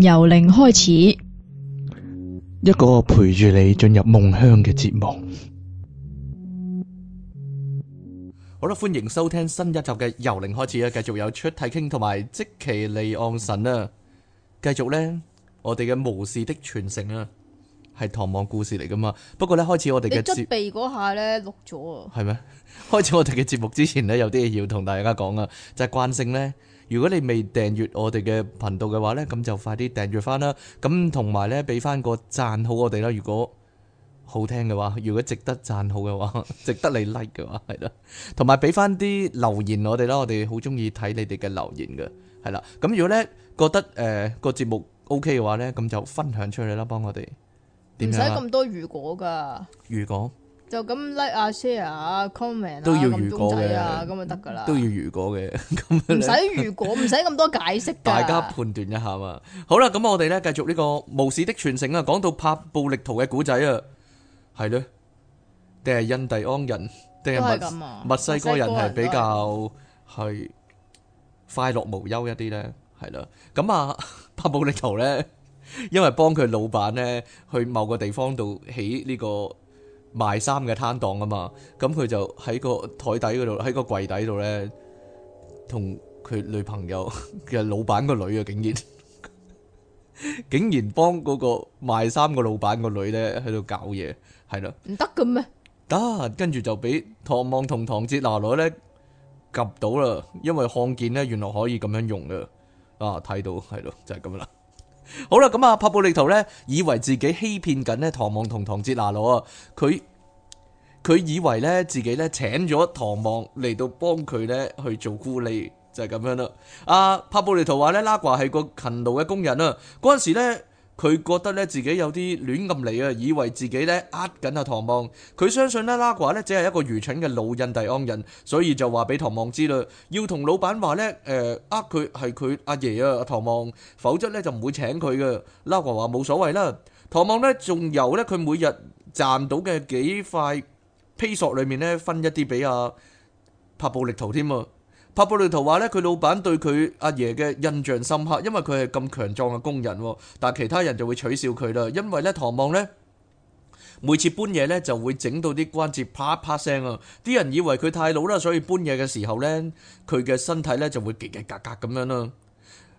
由零開始，一個陪住你進入夢鄉嘅節目。好啦，歡迎收聽新一集嘅由零開始啊！繼續有出題傾同埋即其利岸神啊！繼續呢我哋嘅巫士的傳承啊，係唐望故事嚟噶嘛？不過呢，開始我哋嘅準備嗰下呢，錄咗啊，係咩？開始我哋嘅節目之前呢？有啲嘢要同大家講啊，就係、是、慣性呢。如果你未訂閱我哋嘅頻道嘅話呢，咁就快啲訂閱翻啦。咁同埋呢，俾翻個讚好我哋啦。如果好聽嘅話，如果值得讚好嘅話，值得你 like 嘅話係啦，同埋俾翻啲留言我哋啦。我哋好中意睇你哋嘅留言噶係啦。咁如果呢，覺得誒、呃這個節目 ok 嘅話呢，咁就分享出嚟啦，幫我哋點解咁多如果噶如果。就咁 like 啊、share 啊、comment 啊、咁公仔啊，咁啊得噶啦。都要如果嘅，咁唔使如果，唔使咁多解釋噶。大家判斷一下嘛。好啦，咁我哋咧繼續呢個巫士的傳承啊，講到帕布力圖嘅古仔啊，係咯，定係印第安人，定係墨墨西哥人係比較係快樂無憂一啲咧，係啦。咁啊，帕布力圖咧，因為幫佢老闆咧去某個地方度起呢個。賣衫嘅攤檔啊嘛，咁佢就喺個台底嗰度，喺個櫃底度咧，同佢女朋友嘅老闆個女啊，竟然 竟然幫嗰個賣衫個老闆個女咧喺度搞嘢，係咯，唔得嘅咩？得，啊，跟住就俾唐望同唐哲拿攞咧，及到啦，因為看見咧，原來可以咁樣用嘅，啊，睇到係咯，就係咁啦。好啦，咁啊，帕布利圖咧以為自己欺騙緊咧唐望同唐哲娜羅啊，佢佢以為咧自己咧請咗唐望嚟到幫佢咧去做咕喱就係、是、咁樣啦。阿帕布利圖話咧拉瓜係個勤勞嘅工人啊，嗰陣時咧。佢覺得咧自己有啲亂咁嚟啊，以為自己咧呃緊阿唐望。佢相信咧拉瓜咧只係一個愚蠢嘅老印第安人，所以就話俾唐望知啦，要同老闆話咧呃佢係佢阿爺啊，唐望，否則咧就唔會請佢嘅。拉瓜話冇所謂啦。唐望咧仲有咧佢每日賺到嘅幾塊披索裏面咧分一啲俾阿柏布力圖添啊！帕布利圖話咧，佢老闆對佢阿爺嘅印象深刻，因為佢係咁強壯嘅工人。但係其他人就會取笑佢啦，因為咧唐望咧每次搬嘢咧就會整到啲關節啪啪聲啊！啲人以為佢太老啦，所以搬嘢嘅時候咧佢嘅身體咧就會嘰嘰嘎嘎咁樣啦。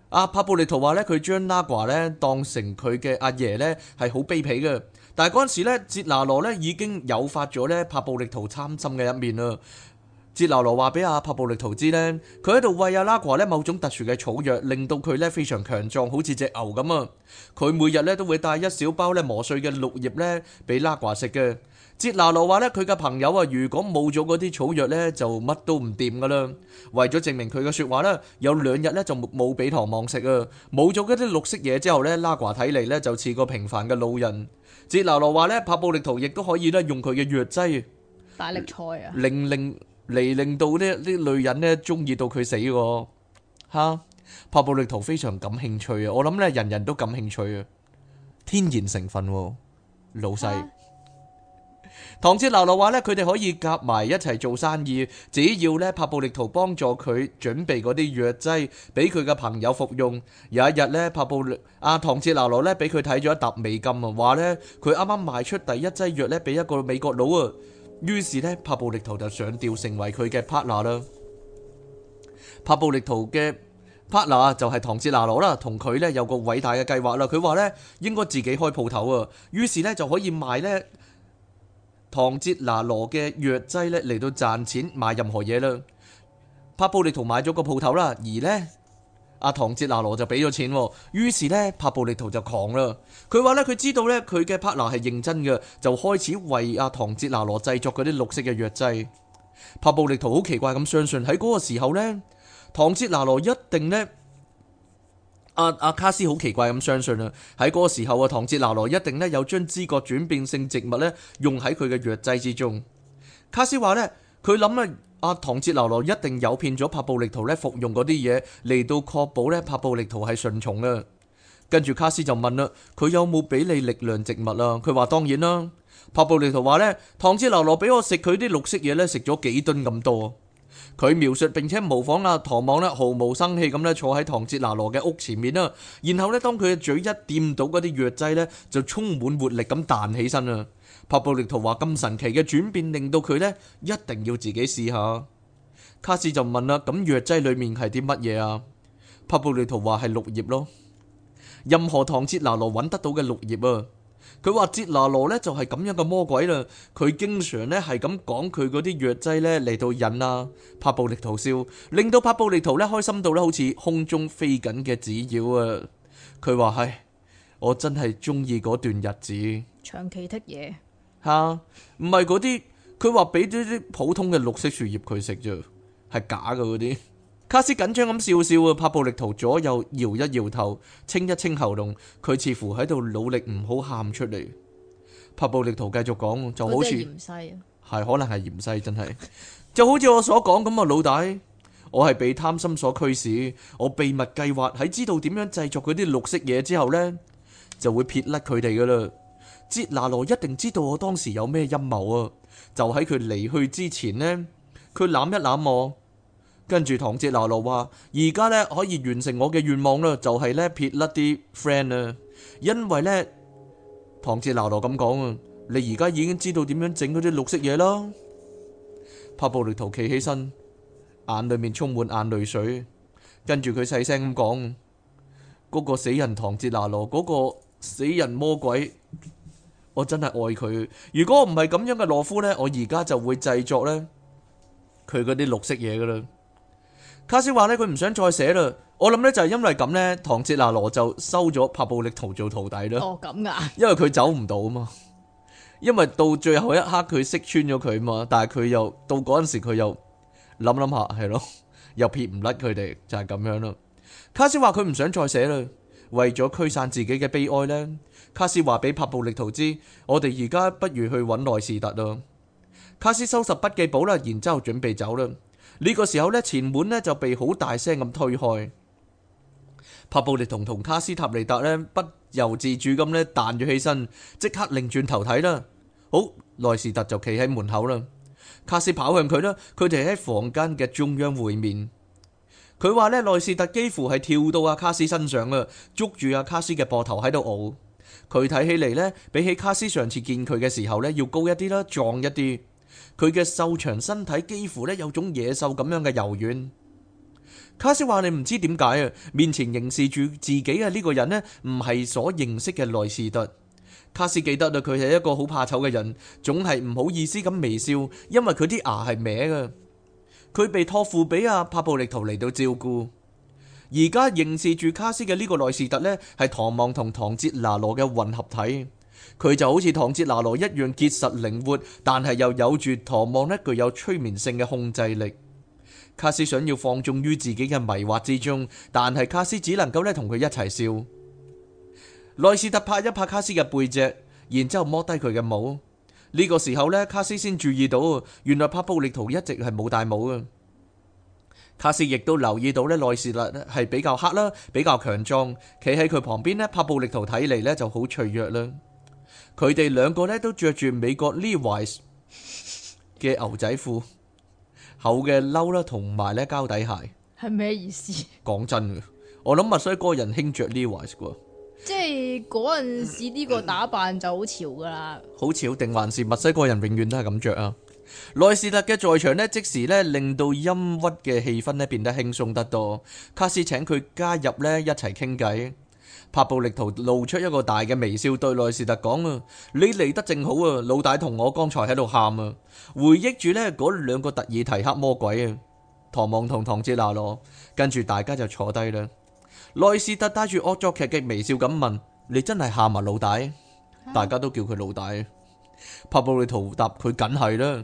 阿帕布利圖話咧，佢將拉瓜咧當成佢嘅阿爺咧係好卑鄙嘅。但係嗰陣時咧，捷拿羅咧已經誘發咗咧帕布利圖貪心嘅一面啦。捷拿羅話俾阿帕布力圖知咧，佢喺度餵阿拉瓜咧某種特殊嘅草藥，令到佢咧非常強壯，好似隻牛咁啊！佢每日咧都會帶一小包咧磨碎嘅綠葉咧俾拉瓜食嘅。捷拿羅話咧佢嘅朋友啊，如果冇咗嗰啲草藥咧，就乜都唔掂噶啦。為咗證明佢嘅說話咧，有兩日咧就冇冇俾唐望食啊！冇咗嗰啲綠色嘢之後咧，拉瓜睇嚟咧就似個平凡嘅老人。捷拿羅話咧帕布力圖亦都可以咧用佢嘅藥劑大力菜啊，令令。嚟，令到呢啲女人呢中意，到佢死喎，哈！帕布力圖非常感興趣啊！我諗咧人人都感興趣啊！天然成分，老細。唐哲納羅話咧，佢哋可以夾埋一齊做生意，只要咧帕布力圖幫助佢準備嗰啲藥劑，俾佢嘅朋友服用。有一日咧，帕布力阿唐哲納羅咧俾佢睇咗一沓美金，話咧佢啱啱賣出第一劑藥咧俾一個美國佬啊！於是呢，帕布力圖就上吊成為佢嘅 partner 啦。帕布力圖嘅 partner 就係唐哲拿羅啦，同佢呢有個偉大嘅計劃啦。佢話呢應該自己開鋪頭啊，於是呢，就可以賣呢唐哲拿羅嘅藥劑呢嚟到賺錢買任何嘢啦。帕布力圖買咗個鋪頭啦，而呢。阿唐哲拿羅就俾咗錢，於是咧帕布力圖就狂啦。佢話咧佢知道咧佢嘅 partner 係認真嘅，就開始為阿唐哲拿羅製作嗰啲綠色嘅藥劑。帕布力圖好奇怪咁相信，喺嗰個時候咧，唐哲拿羅一定咧，阿阿卡斯好奇怪咁相信啦。喺嗰個時候啊，唐哲拿羅一定咧有將知覺轉變性植物咧用喺佢嘅藥劑之中。卡斯話咧。佢諗啊，阿唐哲拿羅一定誘騙咗帕布力圖咧服用嗰啲嘢嚟到確保咧帕布力圖係順從啊。跟住卡斯就問啦，佢有冇俾你力量植物啊？佢話當然啦。帕布力圖話咧，唐哲拿羅俾我食佢啲綠色嘢咧，食咗幾噸咁多。佢描述並且模仿阿、啊、唐望咧，毫無生氣咁咧坐喺唐哲拿羅嘅屋前面啦。然後咧，當佢嘅嘴一掂到嗰啲藥劑咧，就充滿活力咁彈起身啦。帕布力圖話：咁神奇嘅轉變，令到佢呢，一定要自己試下。卡斯就問啦：咁藥劑裏面係啲乜嘢啊？帕布力圖話：係綠葉咯。任何唐哲拿羅揾得到嘅綠葉啊。佢話：哲拿羅呢就係咁樣嘅魔鬼啦。佢經常呢係咁講佢嗰啲藥劑呢嚟到引啊。」帕布力圖笑，令到帕布力圖呢開心到呢好似空中飛緊嘅紙鷂啊。佢話：唉，我真係中意嗰段日子。長期的嘢。吓，唔係嗰啲，佢話俾咗啲普通嘅綠色樹葉佢食啫，係假嘅嗰啲。卡斯緊張咁笑笑啊，帕布力圖左右搖一搖頭，清一清喉嚨，佢似乎喺度努力唔好喊出嚟。帕布力圖繼續講，就好似，係可能係芫荽真係， 就好似我所講咁啊，老大，我係被貪心所驅使，我秘密計劃喺知道點樣製作嗰啲綠色嘢之後呢，就會撇甩佢哋㗎喇。哲拿羅一定知道我當時有咩陰謀啊！就喺佢離去之前呢，佢攬一攬我，跟住唐哲拿羅話：而家呢可以完成我嘅願望啦，就係、是、呢，撇甩啲 friend 啦、啊。因為呢，唐哲拿羅咁講啊，你而家已經知道點樣整嗰啲綠色嘢啦。帕布雷圖企起身，眼裏面充滿眼淚水，跟住佢細聲咁講：嗰、那個死人唐哲拿羅，嗰、那個死人魔鬼。我真係愛佢。如果我唔係咁樣嘅懦夫呢，我而家就會製作呢，佢嗰啲綠色嘢噶啦。卡斯話呢，佢唔想再寫啦。我諗呢，就係因為咁呢，唐哲娜羅就收咗帕布力圖做徒弟啦。哦，咁噶、啊。因為佢走唔到啊嘛。因為到最後一刻佢識穿咗佢啊嘛，但係佢又到嗰陣時佢又諗諗下係咯，又撇唔甩佢哋就係、是、咁樣咯。卡斯話佢唔想再寫啦，為咗驅散自己嘅悲哀呢。卡斯話俾帕布力圖知，我哋而家不如去揾內士特啦。卡斯收拾筆記簿啦，然之後準備走啦。呢、這個時候呢，前門呢就被好大聲咁推開，帕布力同同卡斯塔利特呢不由自主咁呢彈咗起身，即刻擰轉頭睇啦。好，內士特就企喺門口啦。卡斯跑向佢啦，佢哋喺房間嘅中央會面。佢話呢，內士特幾乎係跳到阿卡斯身上啦，捉住阿卡斯嘅膊頭喺度拗。佢睇起嚟呢，比起卡斯上次見佢嘅時候呢，要高一啲啦，壯一啲。佢嘅瘦長身體幾乎呢，有種野獸咁樣嘅柔軟。卡斯話：你唔知點解啊？面前凝視住自己嘅呢個人呢，唔係所認識嘅內士特。卡斯記得啦，佢係一個好怕醜嘅人，總係唔好意思咁微笑，因為佢啲牙係歪嘅。佢被託付俾阿帕布力圖嚟到照顧。而家凝視住卡斯嘅呢個內斯特呢，係唐望同唐哲拿羅嘅混合體。佢就好似唐哲拿羅一樣結實靈活，但係又有住唐望呢具有催眠性嘅控制力。卡斯想要放縱於自己嘅迷惑之中，但係卡斯只能夠呢同佢一齊笑。內斯特拍一拍卡斯嘅背脊，然之後摸低佢嘅帽。呢、這個時候呢，卡斯先注意到，原來帕布力圖一直係冇戴帽嘅。卡斯亦都留意到咧，內士律係比較黑啦，比較強壯，企喺佢旁邊咧，拍暴力圖睇嚟，呢就好脆弱啦。佢哋兩個呢都着住美國 Levis 嘅牛仔褲、厚嘅褸啦，同埋咧膠底鞋。係咩意思？講真，我諗墨西哥人興着 Levis 嘅。即係嗰陣時呢個打扮就好潮噶啦。好 潮定還是墨西哥人永遠都係咁着啊？內士特嘅在場呢，即時呢令到陰鬱嘅氣氛呢變得輕鬆得多。卡斯請佢加入呢一齊傾偈。帕布力圖露出一個大嘅微笑，對內士特講啊：你嚟得正好啊，老大同我剛才喺度喊啊。回憶住呢嗰兩個特爾提克魔鬼啊，唐望同唐杰娜羅，跟住大家就坐低啦。內士特帶住惡作劇嘅微笑咁問：你真係喊埋老大？大家都叫佢老大。帕布力圖答：佢梗係啦。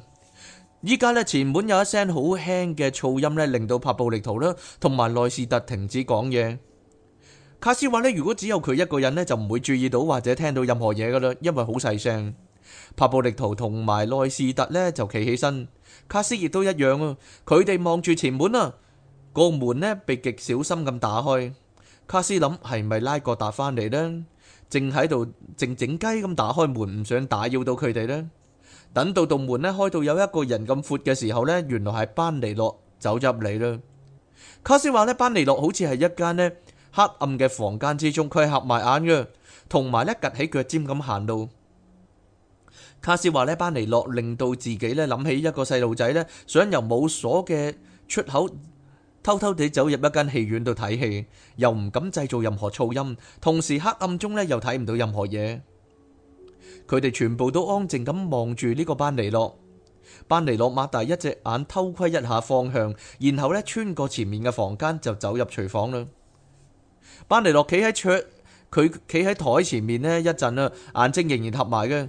依家呢，前門有一聲好輕嘅噪音呢，令到帕布力圖啦同埋內斯特停止講嘢。卡斯話呢，如果只有佢一個人呢就唔會注意到或者聽到任何嘢噶啦因為好細聲。帕布力圖同埋內斯特呢就企起身，卡斯亦都一樣啊。佢哋望住前門啊，個門呢被極小心咁打開。卡斯諗係咪拉格達翻嚟？呢正喺度靜靜雞咁打開門，唔想打擾到佢哋呢。等到道門咧開到有一個人咁闊嘅時候咧，原來係班尼諾走入嚟啦。卡斯話咧，班尼諾好似係一間咧黑暗嘅房間之中，佢合埋眼嘅，同埋咧夾起腳尖咁行路。卡斯話咧，班尼諾令到自己咧諗起一個細路仔咧，想由冇鎖嘅出口偷偷地走入一間戲院度睇戲，又唔敢製造任何噪音，同時黑暗中咧又睇唔到任何嘢。佢哋全部都安靜咁望住呢個班尼洛。班尼洛擘大一隻眼偷窺一下方向，然後呢，穿過前面嘅房間就走入廚房啦。班尼洛企喺桌，佢企喺台前面呢，一陣啦，眼睛仍然合埋嘅。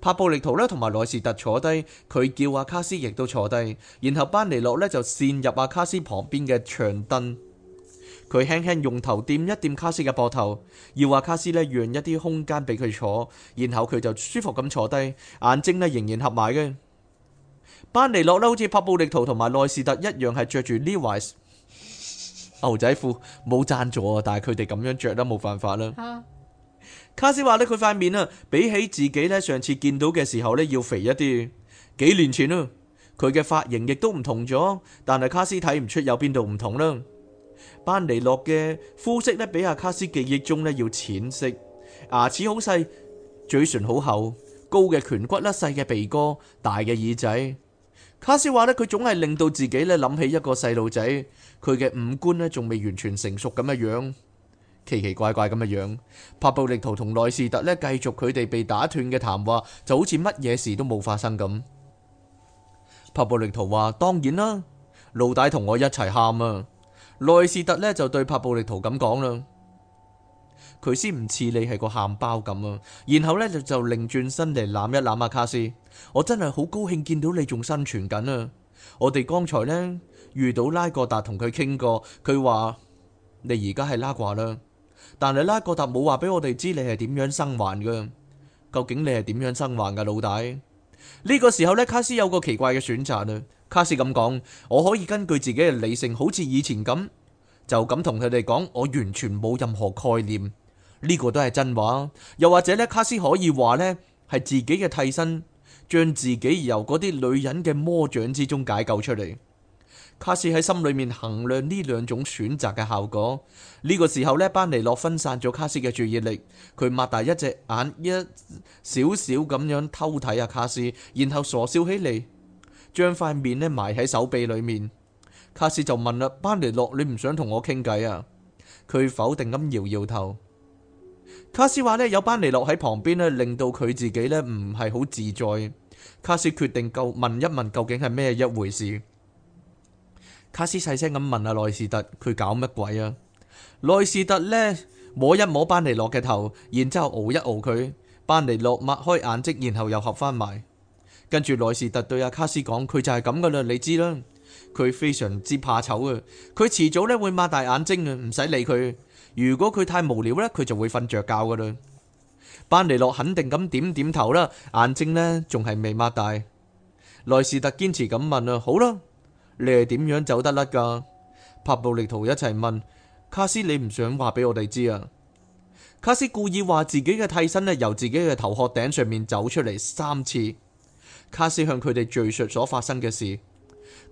帕布利圖呢，同埋萊士特坐低，佢叫阿卡斯亦都坐低，然後班尼洛呢，就竄入阿卡斯旁邊嘅長凳。佢輕輕用頭掂一掂卡斯嘅膊頭，要話卡斯咧，讓一啲空間俾佢坐，然後佢就舒服咁坐低，眼睛咧，仍然合埋嘅。班尼洛咧，好似拍暴力圖同埋內斯特一樣係着住 Levis 牛仔褲，冇贊助啊，但係佢哋咁樣着都冇辦法啦。卡斯話呢，佢塊面啊，比起自己咧上次見到嘅時候咧要肥一啲，幾年前啊佢嘅髮型亦都唔同咗，但係卡斯睇唔出有邊度唔同啦。班尼諾嘅膚色咧，比阿卡斯記憶中咧要淺色，牙齒好細，嘴唇好厚，高嘅顴骨、甩細嘅鼻哥、大嘅耳仔。卡斯話咧，佢總係令到自己咧諗起一個細路仔，佢嘅五官咧仲未完全成熟咁嘅樣，奇奇怪怪咁嘅樣。帕布力圖同內士特咧，繼續佢哋被打斷嘅談話，就好似乜嘢事都冇發生咁。帕布力圖話：當然啦，老大同我一齊喊啊！內士特呢就對帕布利圖咁講啦，佢先唔似你係個喊包咁啊。然後呢，就就擰轉身嚟攬一攬阿卡斯，我真係好高興見到你仲生存緊啊！我哋剛才呢，遇到拉各達同佢傾過，佢話你而家係拉掛啦，但係拉各達冇話俾我哋知你係點樣生還噶。究竟你係點樣生還噶，老大？呢個時候呢，卡斯有個奇怪嘅選擇呢，卡斯咁講，我可以根據自己嘅理性，好似以前咁，就咁同佢哋講，我完全冇任何概念，呢個都係真話。又或者呢，卡斯可以話呢，係自己嘅替身，將自己由嗰啲女人嘅魔掌之中解救出嚟。卡斯喺心裏面衡量呢兩種選擇嘅效果。呢個時候呢，班尼諾分散咗卡斯嘅注意力。佢擘大一隻眼，一少少咁樣偷睇阿卡斯，然後傻笑起嚟，將塊面呢埋喺手臂裏面。卡斯就問啦：班尼諾，你唔想同我傾偈啊？佢否定咁搖搖頭。卡斯話呢有班尼諾喺旁邊呢，令到佢自己呢唔係好自在。卡斯決定，就問一問究竟係咩一回事。卡斯細聲咁問阿、啊、內斯特：佢搞乜鬼啊？內斯特呢摸一摸班尼諾嘅頭，然之後熬一熬佢。班尼諾擘開眼睛，然後又合翻埋。跟住內斯特對阿、啊、卡斯講：佢就係咁噶啦，你知啦。佢非常之怕醜啊！佢遲早呢會擘大眼睛啊！唔使理佢。如果佢太無聊呢，佢就會瞓着覺噶啦。班尼諾肯定咁點點頭啦，眼睛呢仲係未擘大。內斯特堅持咁問啊：好啦。你係點樣走得甩噶？帕布力圖一齊問卡斯，你唔想話俾我哋知啊？卡斯故意話自己嘅替身咧，由自己嘅頭殼頂上面走出嚟三次。卡斯向佢哋敘述所發生嘅事，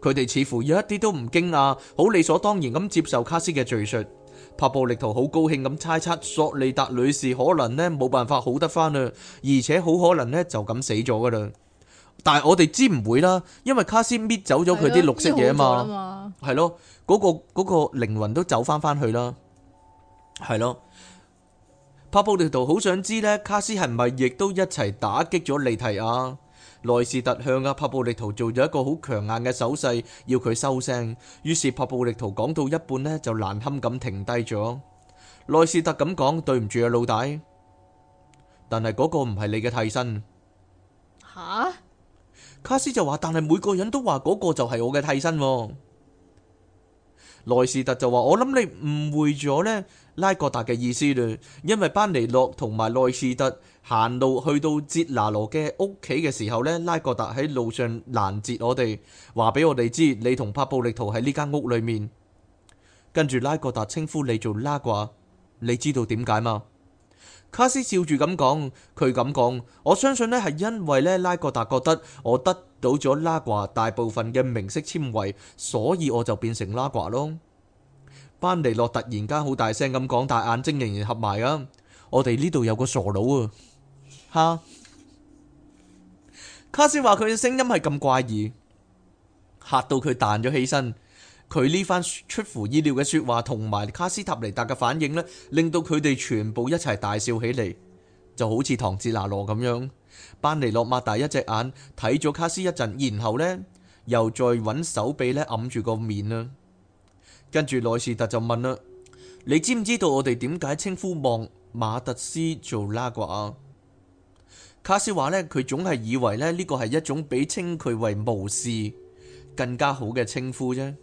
佢哋似乎有一啲都唔驚訝，好理所當然咁接受卡斯嘅敘述。帕布力圖好高興咁猜測，索利達女士可能呢冇辦法好得返啦，而且好可能呢就咁死咗噶啦。但係我哋知唔會啦，因為卡斯搣走咗佢啲綠色嘢，啊嘛，係咯，嗰個嗰個靈魂都走翻翻去啦，係咯。帕布力圖好想知咧，卡斯係咪亦都一齊打擊咗利提亞？內斯特向阿帕布力圖做咗一個好強硬嘅手勢，要佢收聲。於是帕布力圖講到一半咧就難堪咁停低咗。內斯特咁講，對唔住啊，老大，但係嗰個唔係你嘅替身。吓？卡斯就話，但係每個人都話嗰個就係我嘅替身。內斯特就話，我諗你誤會咗呢拉格達嘅意思啦，因為班尼諾同埋內斯特行路去到捷拿羅嘅屋企嘅時候呢，拉格達喺路上攔截我哋，話俾我哋知你同帕布力圖喺呢間屋裏面，跟住拉格達稱呼你做拉掛，你知道點解嗎？卡斯笑住咁講，佢咁講，我相信呢係因為呢拉各達覺得我得到咗拉瓜大部分嘅明色纖維，所以我就變成拉瓜咯。班尼諾突然間好大聲咁講，但眼睛仍然合埋啊！我哋呢度有個傻佬啊！哈！卡斯話佢嘅聲音係咁怪異，嚇到佢彈咗起身。佢呢番出乎意料嘅説話，同埋卡斯塔尼達嘅反應呢令到佢哋全部一齊大笑起嚟，就好似唐自拿羅咁樣。班尼諾擘大一隻眼睇咗卡斯一陣，然後呢又再揾手臂呢揞住個面啦。跟住內士特就問啦：你知唔知道我哋點解稱呼望馬特斯做那瓜？卡斯話呢佢總係以為咧呢個係一種比稱佢為巫士更加好嘅稱呼啫。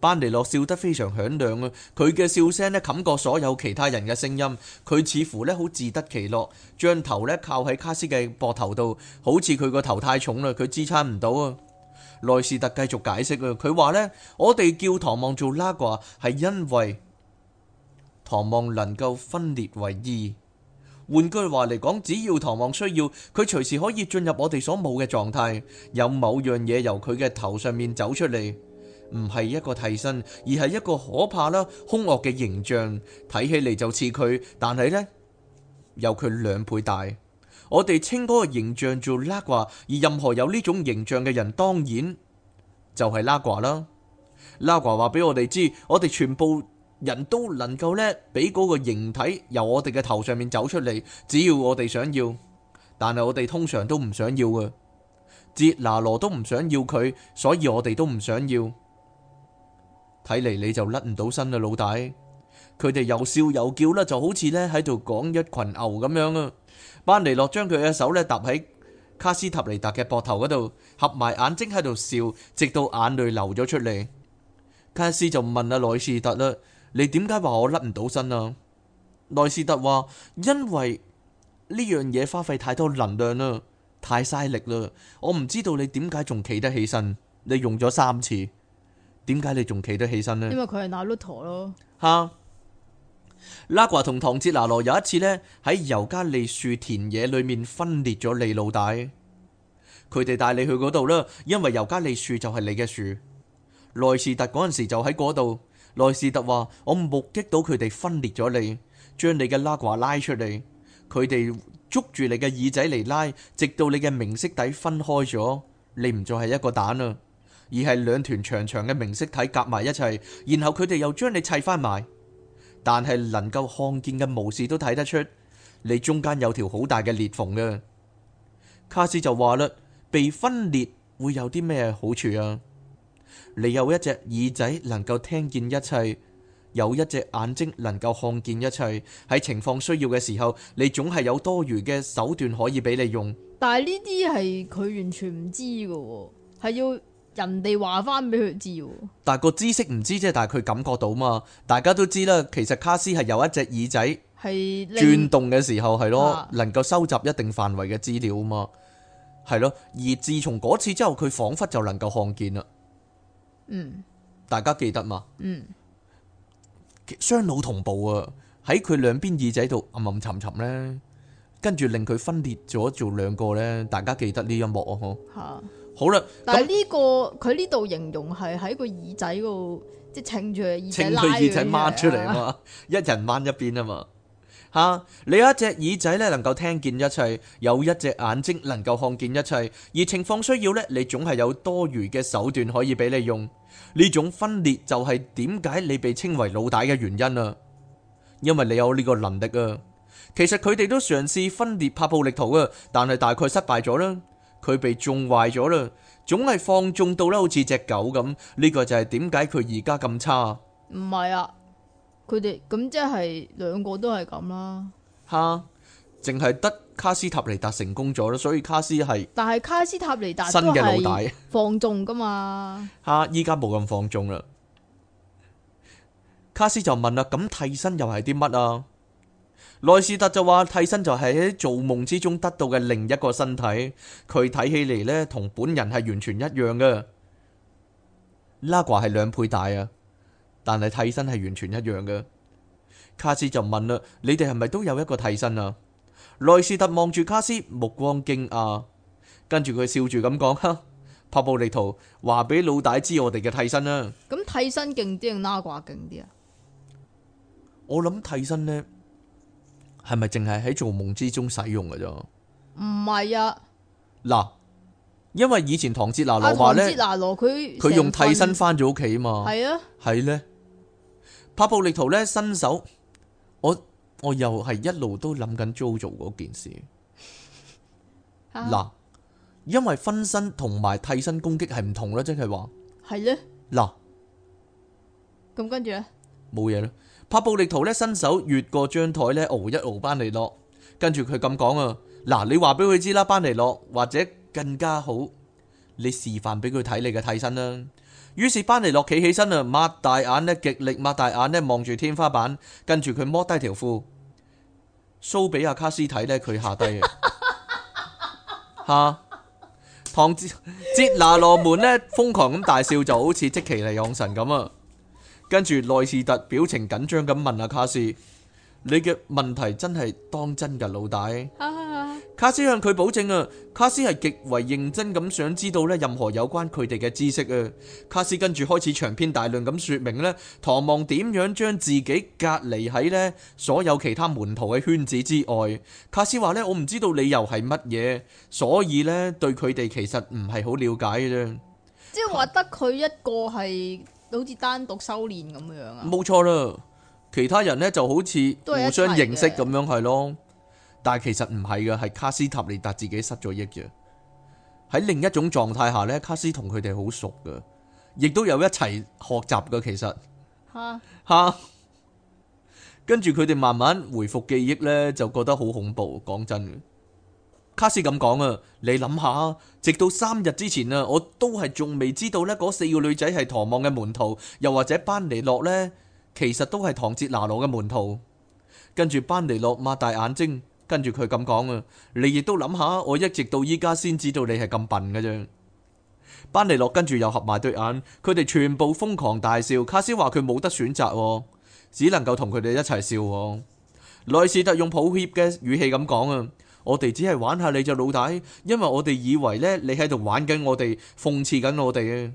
班尼洛笑得非常響亮啊！佢嘅笑聲呢，冚過所有其他人嘅聲音。佢似乎呢好自得其樂，將頭呢靠喺卡斯嘅膊頭度，好似佢個頭太重啦，佢支撐唔到啊！內斯特繼續解釋啊，佢話呢：「我哋叫唐望做拉瓜，係因為唐望能夠分裂為二。」換句話嚟講，只要唐望需要，佢隨時可以進入我哋所冇嘅狀態，有某樣嘢由佢嘅頭上面走出嚟。唔係一個替身，而係一個可怕啦、兇惡嘅形象，睇起嚟就似佢，但係呢，有佢兩倍大。我哋稱嗰個形象做拉瓜，而任何有呢種形象嘅人，當然就係拉瓜啦。拉瓜話俾我哋知，我哋全部人都能夠呢，俾嗰個形體由我哋嘅頭上面走出嚟，只要我哋想要。但係我哋通常都唔想要嘅，捷拿羅都唔想要佢，所以我哋都唔想要。睇嚟你就甩唔到身啦，老大！佢哋又笑又叫啦，就好似呢喺度講一群牛咁樣啊！班尼諾將佢嘅手呢搭喺卡斯塔尼達嘅膊頭嗰度，合埋眼睛喺度笑，直到眼淚流咗出嚟。卡斯就問阿內斯特啦：你點解話我甩唔到身啊？內斯特話：因為呢樣嘢花費太多能量啦，太嘥力啦！我唔知道你點解仲企得起身，你用咗三次。點解你仲企得起身呢？因為佢係那魯陀咯。哈，拉瓜同唐哲拿羅有一次呢，喺尤加利樹田野裏面分裂咗你老大，佢哋帶你去嗰度啦。因為尤加利樹就係你嘅樹。內士特嗰陣時就喺嗰度，內士特話，我目擊到佢哋分裂咗你，將你嘅拉瓜拉出嚟，佢哋捉住你嘅耳仔嚟拉，直到你嘅明色底分開咗，你唔再係一個蛋啦。而係兩團長長嘅明色體夾埋一齊，然後佢哋又將你砌翻埋。但係能夠看見嘅巫士都睇得出，你中間有條好大嘅裂縫嘅。卡斯就話嘞，被分裂會有啲咩好處啊？你有一隻耳仔能夠聽見一切，有一隻眼睛能夠看見一切。喺情況需要嘅時候，你總係有多餘嘅手段可以俾你用。但係呢啲係佢完全唔知嘅，係要。人哋話翻俾佢知,知，但係個知識唔知，即係但係佢感覺到嘛。大家都知啦，其實卡斯係有一隻耳仔係轉動嘅時候係令咯，能夠收集一定範圍嘅資料啊嘛，係咯。而自從嗰次之後，佢仿佛就能夠看見啦。嗯，大家記得嘛？嗯，雙腦同步啊，喺佢兩邊耳仔度暗暗沉沉呢。跟住令佢分裂咗做兩個呢，大家記得呢一幕啊？嗬、嗯。好啦，但係呢、這個佢呢度形容係喺個耳仔嗰度，即係撐住耳仔，耳仔掹出嚟嘛。 一人掹一邊啊嘛，吓、啊、你有一隻耳仔咧能夠聽見一切，有一隻眼睛能夠看見一切，而情況需要咧，你總係有多餘嘅手段可以俾你用。呢種分裂就係點解你被稱為老大嘅原因啊，因為你有呢個能力啊。其實佢哋都嘗試分裂拍布力圖啊，但係大概失敗咗啦。佢被縱壞咗啦，總係放縱到啦，好似隻狗咁。呢個就係點解佢而家咁差？唔係啊，佢哋，咁即係兩個都係咁啦。吓，淨係得卡斯塔尼達成功咗啦，所以卡斯係。但係卡斯塔尼達新嘅老大放縱㗎嘛？吓，依家冇咁放縱啦。卡斯就問啦：咁替身又係啲乜啊？萊士特就話替身就係喺做夢之中得到嘅另一個身體，佢睇起嚟呢，同本人係完全一樣嘅。拉掛係兩倍大啊，但係替身係完全一樣嘅。卡斯就問啦：你哋係咪都有一個替身啊？萊士特望住卡斯，目光驚訝，跟住佢笑住咁講：哈，帕布利圖話俾老大知我哋嘅替身啊！咁替身勁啲定拉掛勁啲啊？我諗替身呢。係咪淨係喺做夢之中使用嘅啫？唔係啊！嗱，因為以前唐哲娜羅話咧，啊、羅佢佢用替身翻咗屋企啊嘛，係咧帕布力圖咧，伸手我我又係一路都諗緊做做嗰件事。嗱、啊，因為分身同埋替身攻擊係唔同啦，即係話係咧。嗱呢，咁喏跟住咧，冇嘢啦。拍帕布力圖咧，伸手越過張台呢，熬一熬班尼諾，跟住佢咁講啊，嗱，你話俾佢知啦，班尼諾或者更加好，你示範俾佢睇你嘅替身啦。於是班尼諾企起身啊，擘大眼呢，極力擘大眼呢望住天花板，跟住佢摸低條褲，蘇比亞卡斯睇呢，佢下低啊，吓，唐哲拿羅門呢，瘋狂咁大笑，就好似即其嚟養神咁啊。跟住內士特表情緊張咁問阿、啊、卡斯：你嘅問題真係當真㗎，老大？ 卡斯向佢保證啊，卡斯係極為認真咁想知道呢任何有關佢哋嘅知識啊。卡斯跟住開始長篇大論咁說明呢，唐望點樣將自己隔離喺呢所有其他門徒嘅圈子之外。卡斯話呢：「我唔知道理由係乜嘢，所以呢對佢哋其實唔係好了解嘅啫。」即係話得佢一個係。好似單獨修煉咁樣啊！冇錯啦，其他人呢就好似互相認識咁樣係咯，但係其實唔係嘅，係卡斯塔尼達自己失咗憶嘅。喺另一種狀態下呢，卡斯同佢哋好熟嘅，亦都有一齊學習嘅。其實吓哈哈 跟住佢哋慢慢回復記憶呢，就覺得好恐怖。講真。卡斯咁講啊，你諗下，直到三日之前啊，我都係仲未知道呢嗰四個女仔係唐望嘅門徒，又或者班尼諾呢，其實都係唐哲拿羅嘅門徒。跟住班尼諾擘大眼睛，跟住佢咁講啊，你亦都諗下，我一直到依家先知道你係咁笨嘅啫。班尼諾跟住又合埋對眼，佢哋全部瘋狂大笑。卡斯話佢冇得選擇，只能夠同佢哋一齊笑。內斯特用抱歉嘅語氣咁講啊。我哋只係玩下你隻老大，因為我哋以為呢，你喺度玩緊我哋，諷刺緊我哋啊！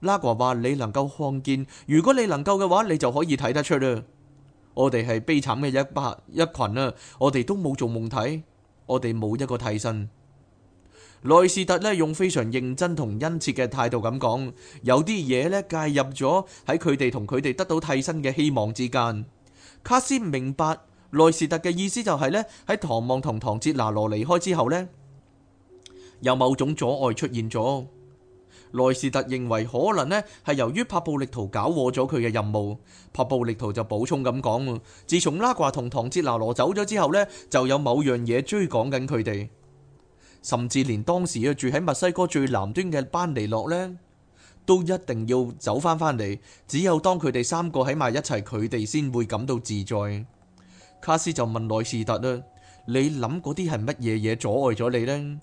拉瓜話你能夠看見，如果你能夠嘅話，你就可以睇得出啊！我哋係悲慘嘅一班，一群啊！我哋都冇做夢體，我哋冇一個替身。內士特呢，用非常認真同殷切嘅態度咁講，有啲嘢呢，介入咗喺佢哋同佢哋得到替身嘅希望之間。卡斯明白。內士特嘅意思就係呢。喺唐望同唐哲拿羅離開之後呢，有某種阻礙出現咗。內士特認為可能呢係由於帕布力圖搞禍咗佢嘅任務。帕布力圖就補充咁講：自從拉掛同唐哲拿羅走咗之後呢，就有某樣嘢追趕緊佢哋，甚至連當時要住喺墨西哥最南端嘅班尼洛呢，都一定要走返返嚟。只有當佢哋三個喺埋一齊，佢哋先會感到自在。卡斯就問奈士特啦，你諗嗰啲係乜嘢嘢，阻礙咗你呢？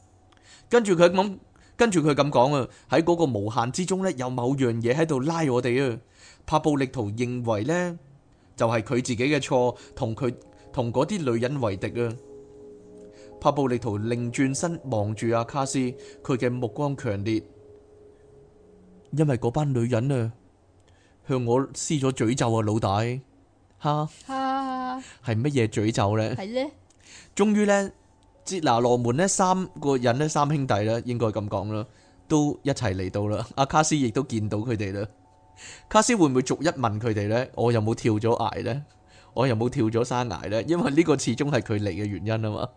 跟住佢咁，跟住佢咁講啊，喺嗰個無限之中呢，有某樣嘢喺度拉我哋啊。帕布力圖認為呢，就係、是，佢自己嘅錯，同佢同嗰啲女人為敵啊。帕布力圖擰轉身望住阿卡斯，佢嘅目光強烈。因為嗰班女人啊，向我施咗詛咒啊，老大，吓。哈係乜嘢詛咒咧？係咧，終於咧，捷拿羅門咧，三個人咧，三兄弟咧，應該咁講啦，都一齊嚟到啦。阿卡斯亦都見到佢哋啦。卡斯會唔會逐一問佢哋咧？我又冇跳咗崖咧，我又冇跳咗山崖咧，因為呢個始終係佢嚟嘅原因啊嘛。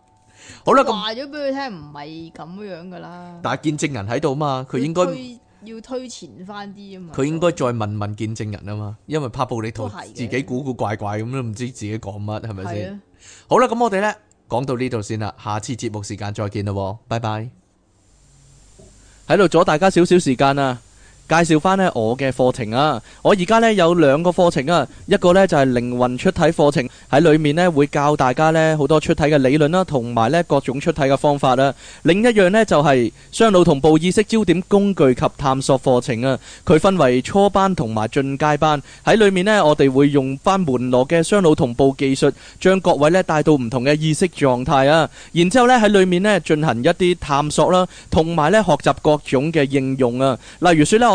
好啦，咁話咗俾佢聽唔係咁樣噶啦。但係見證人喺度啊嘛，佢應該。要推前翻啲啊嘛，佢應該再問問見證人啊嘛，因為拍布力圖自己古古怪怪咁都唔知自己講乜係咪先？好啦，咁我哋呢，講到呢度先啦，下次節目時間再見啦，bye bye，喺度阻大家少少時間啊。介紹翻咧我嘅課程啊！我而家咧有兩個課程啊，一個咧就係靈魂出體課程，喺裡面咧會教大家咧好多出體嘅理論啦，同埋咧各種出體嘅方法啦。另一樣咧就係雙腦同步意識焦點工具及探索課程啊。佢分為初班同埋進階班，喺裡面咧我哋會用翻門羅嘅雙腦同步技術，將各位咧帶到唔同嘅意識狀態啊。然之後咧喺裡面咧進行一啲探索啦，同埋咧學習各種嘅應用啊。例如説咧。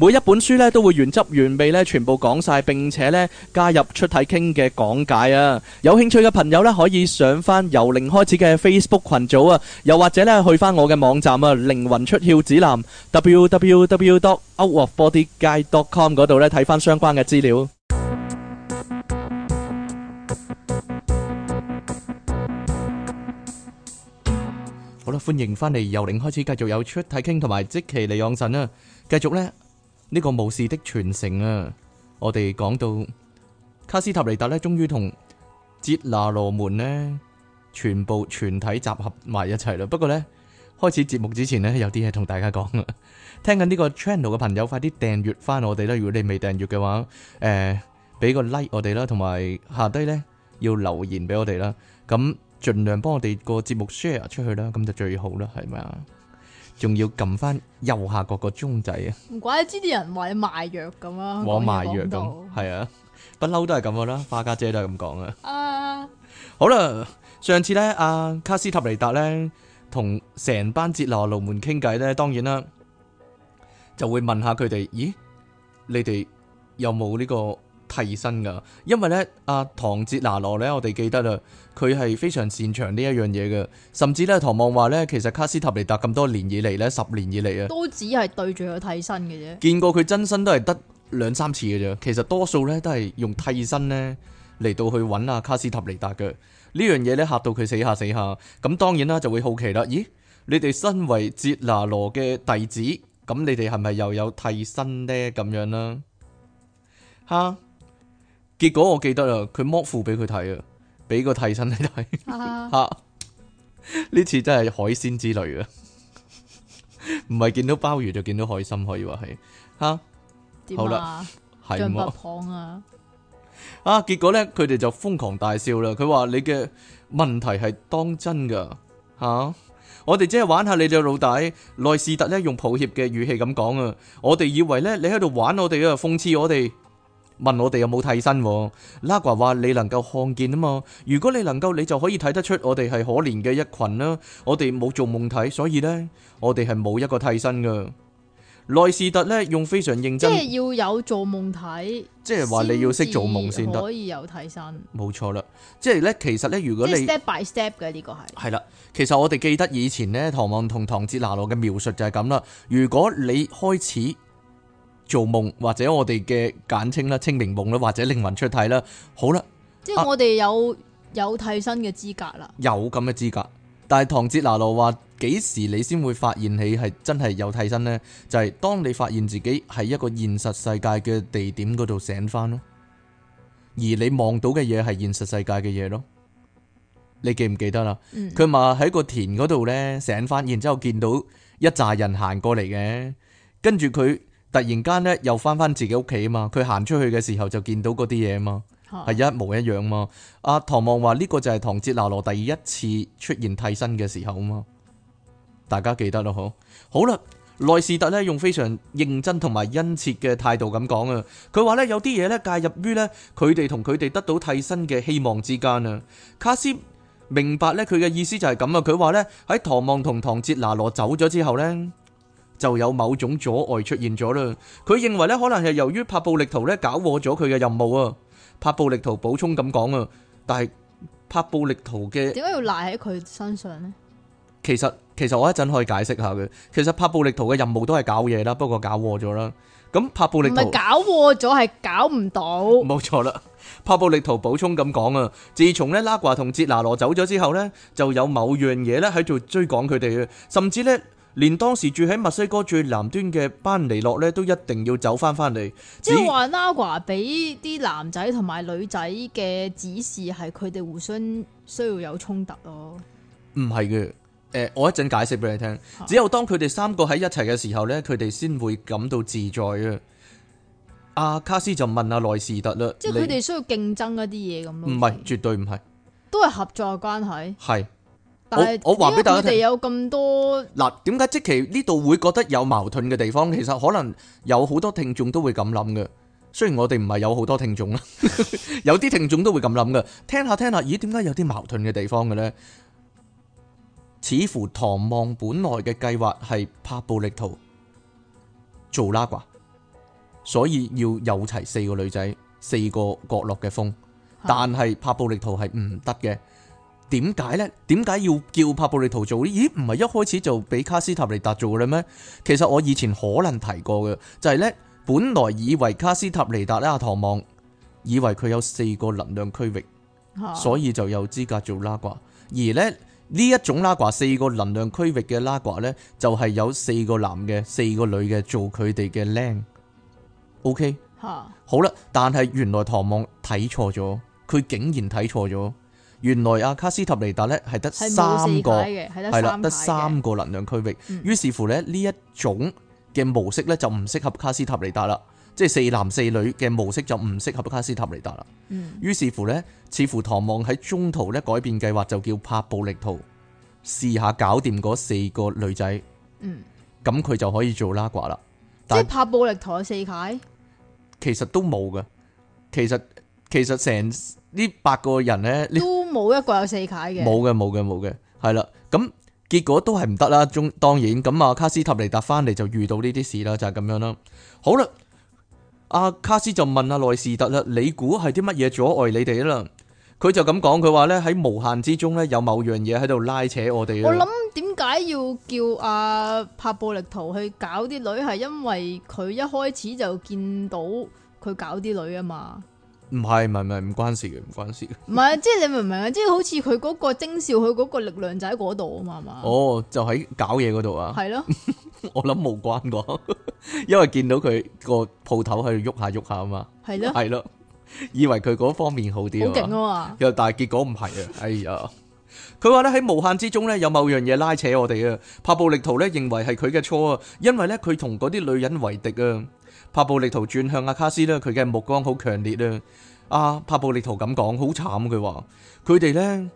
每一本書咧都會原汁原味咧全部講曬，並且咧加入出體傾嘅講解啊！有興趣嘅朋友咧可以上翻由零開始嘅 Facebook 群組啊，又或者咧去翻我嘅網站啊，靈魂出竅指南 w w w dot out of body guide dot com 嗰度咧睇翻相關嘅資料。好啦，歡迎翻嚟由零開始，繼續有出體傾同埋即其嚟養神啊！繼續咧。呢個巫士的傳承啊，我哋講到卡斯塔尼達咧，終於同捷拿羅門呢，全部全體集合埋一齊啦。不過呢，開始節目之前呢，有啲嘢同大家講啊。聽緊呢個 channel 嘅朋友，快啲訂閱翻我哋啦。如果你未訂閱嘅話，誒、呃、俾個 like 我哋啦，同埋下低呢，要留言俾我哋啦。咁盡量幫我哋個節目 share 出去啦，咁就最好啦，係咪啊？仲要撳翻右下角個鐘仔啊！唔怪得知啲人話你賣藥咁 啊？我賣藥咁，係啊，不嬲都係咁噶啦。花家姐都係咁講啊。啊，好啦，上次咧，阿卡斯塔尼達咧同成班捷拿奴門傾偈咧，當然啦，就會問下佢哋，咦，你哋有冇呢個？替身噶，因為咧阿、啊、唐哲拿羅咧，我哋記得啦，佢係非常擅長呢一樣嘢嘅，甚至咧唐望話咧，其實卡斯塔尼達咁多年以嚟咧，十年以嚟啊，都只係對住佢替身嘅啫。見過佢真身都係得兩三次嘅啫，其實多數咧都係用替身咧嚟到去揾阿卡斯塔尼達嘅。呢樣嘢咧，吓到佢死下死下，咁當然啦就會好奇啦，咦？你哋身為哲拿羅嘅弟子，咁你哋係咪又有替身呢？咁樣啦，吓。結果我記得啦，佢剝褲俾佢睇啊，俾個替身你睇吓。呢、 啊、次真係海鮮之類嘅，唔 係見到鮑魚就見到海參可以話係吓。點啊？進、啊、了白胖啊，啊！啊！結果咧，佢哋就瘋狂大笑啦。佢話你嘅問題係當真噶吓、啊？我哋只係玩下你隻老大。內士特咧用抱歉嘅語氣咁講啊，我哋以為咧你喺度玩我哋啊，諷刺我哋。問我哋有冇替身？拉華話你能夠看見啊嘛，如果你能夠，你就可以睇得出我哋係可憐嘅一群啦。我哋冇做夢體，所以呢，我哋係冇一個替身噶。內士特呢用非常認真，即係要有做夢體，即係話你要識做夢先得，可以有替身。冇錯啦，即係呢，其實呢，如果你 step by step 嘅呢個係係啦，其實我哋記得以前呢，唐望同唐哲拿羅嘅描述就係咁啦。如果你開始。做夢或者我哋嘅簡稱啦，清明夢啦，或者靈魂出體啦，好啦，即係我哋有、啊、有替身嘅資格啦，有咁嘅資格，但係唐哲拿羅話幾時你先會發現你係真係有替身呢？就係、是、當你發現自己喺一個現實世界嘅地點嗰度醒翻咯，而你望到嘅嘢係現實世界嘅嘢咯，你記唔記得啦？佢話喺個田嗰度呢醒翻，然之後見到一紮人行過嚟嘅，跟住佢。突然間咧，又翻翻自己屋企啊嘛！佢行出去嘅時候就見到嗰啲嘢啊嘛，係一模一樣嘛。阿唐望話呢個就係唐哲拿羅第一次出現替身嘅時候啊嘛，大家記得咯，好。好啦，內士特呢用非常認真同埋殷切嘅態度咁講啊，佢話呢有啲嘢咧介入於呢佢哋同佢哋得到替身嘅希望之間啊。卡斯明白呢，佢嘅意思就係咁啊，佢話呢，喺唐望同唐哲拿羅走咗之後呢。就有某種阻礙出現咗啦。佢認為咧，可能係由於帕布力圖咧搞禍咗佢嘅任務啊。帕布力圖補充咁講啊，但係帕布力圖嘅點解要賴喺佢身上咧？其實其實我一陣可以解釋下嘅。其實帕布力圖嘅任務都係搞嘢啦，不過搞禍咗啦。咁帕布力圖唔係搞禍咗，係搞唔到。冇錯啦。帕布力圖補充咁講啊，自從咧拉瓜同捷拿羅走咗之後咧，就有某樣嘢咧喺度追趕佢哋嘅，甚至咧。連當時住喺墨西哥最南端嘅班尼洛咧，都一定要走翻翻嚟。即係話拉 a 俾啲男仔同埋女仔嘅指示係佢哋互相需要有衝突咯。唔係嘅，誒、呃，我一陣解釋俾你聽。只有當佢哋三個喺一齊嘅時候呢，佢哋先會感到自在啊。阿卡斯就問阿、啊、內士特啦，即係佢哋需要競爭一啲嘢咁咯。唔係你，絕對唔係，都係合作關係。係。我我話俾大家聽，有咁多嗱，點解即其呢度會覺得有矛盾嘅地方？其實可能有好多聽眾都會咁諗嘅。雖然我哋唔係有好多聽眾啦， 有啲聽眾都會咁諗嘅。聽下聽下，咦？點解有啲矛盾嘅地方嘅呢？似乎唐望本來嘅計劃係拍暴力圖做啦啩，所以要有齊四個女仔，四個角落嘅風，但係拍暴力圖係唔得嘅。點解呢？點解要叫帕布利圖做呢？咦，唔係一開始就俾卡斯塔尼達做嘅咩？其實我以前可能提過嘅，就係呢：本來以為卡斯塔尼達咧阿唐望以為佢有四個能量區域，啊、所以就有資格做拉掛。而咧呢一種拉掛，四個能量區域嘅拉掛呢，就係、是、有四個男嘅、四個女嘅做佢哋嘅靚。OK，、啊、好啦。但係原來唐望睇錯咗，佢竟然睇錯咗。原來阿卡斯塔尼達咧係得三個，係啦，得三個能量區域。是是於是乎咧，呢一種嘅模式咧就唔適合卡斯塔尼達啦，嗯、即係四男四女嘅模式就唔適合卡斯塔尼達啦。嗯、於是乎呢，似乎唐望喺中途咧改變計劃，就叫帕布力圖試下搞掂嗰四個女仔。咁佢、嗯、就可以做拉瓜啦。即係帕布力圖四塊，其實都冇噶，其實。其實成呢八個人呢，都冇一個有四階嘅。冇嘅，冇嘅，冇嘅，係啦。咁結果都係唔得啦。中當然咁、就是、啊，卡斯塔尼達翻嚟就遇到呢啲事啦，就係咁樣啦。好啦，阿卡斯就問阿內斯特啦，你估係啲乜嘢阻礙你哋啦？佢就咁講，佢話呢：「喺無限之中呢，有某樣嘢喺度拉扯我哋。」我諗點解要叫阿、啊、帕布力圖去搞啲女，係因為佢一開始就見到佢搞啲女啊嘛。唔係，唔係，唔係，唔關事嘅，唔關事嘅。唔係，即係你明唔明啊？即係好似佢嗰個徵兆，佢嗰個力量就喺嗰度啊嘛，係嘛？哦，就喺搞嘢嗰度啊？係咯的。 我諗無關嘅，因為見到佢個鋪頭喺度喐下喐下啊嘛。係咯的。係咯。以為佢嗰方面好啲，好勁啊！又但係結果唔係啊！哎呀，佢話咧喺無限之中咧有某樣嘢拉扯我哋啊！帕布力圖咧認為係佢嘅錯啊！因為咧佢同嗰啲女人為敵啊！帕布利圖轉向阿卡斯啦，佢嘅目光好強烈啊！阿帕布利圖咁講，好慘佢話，佢哋咧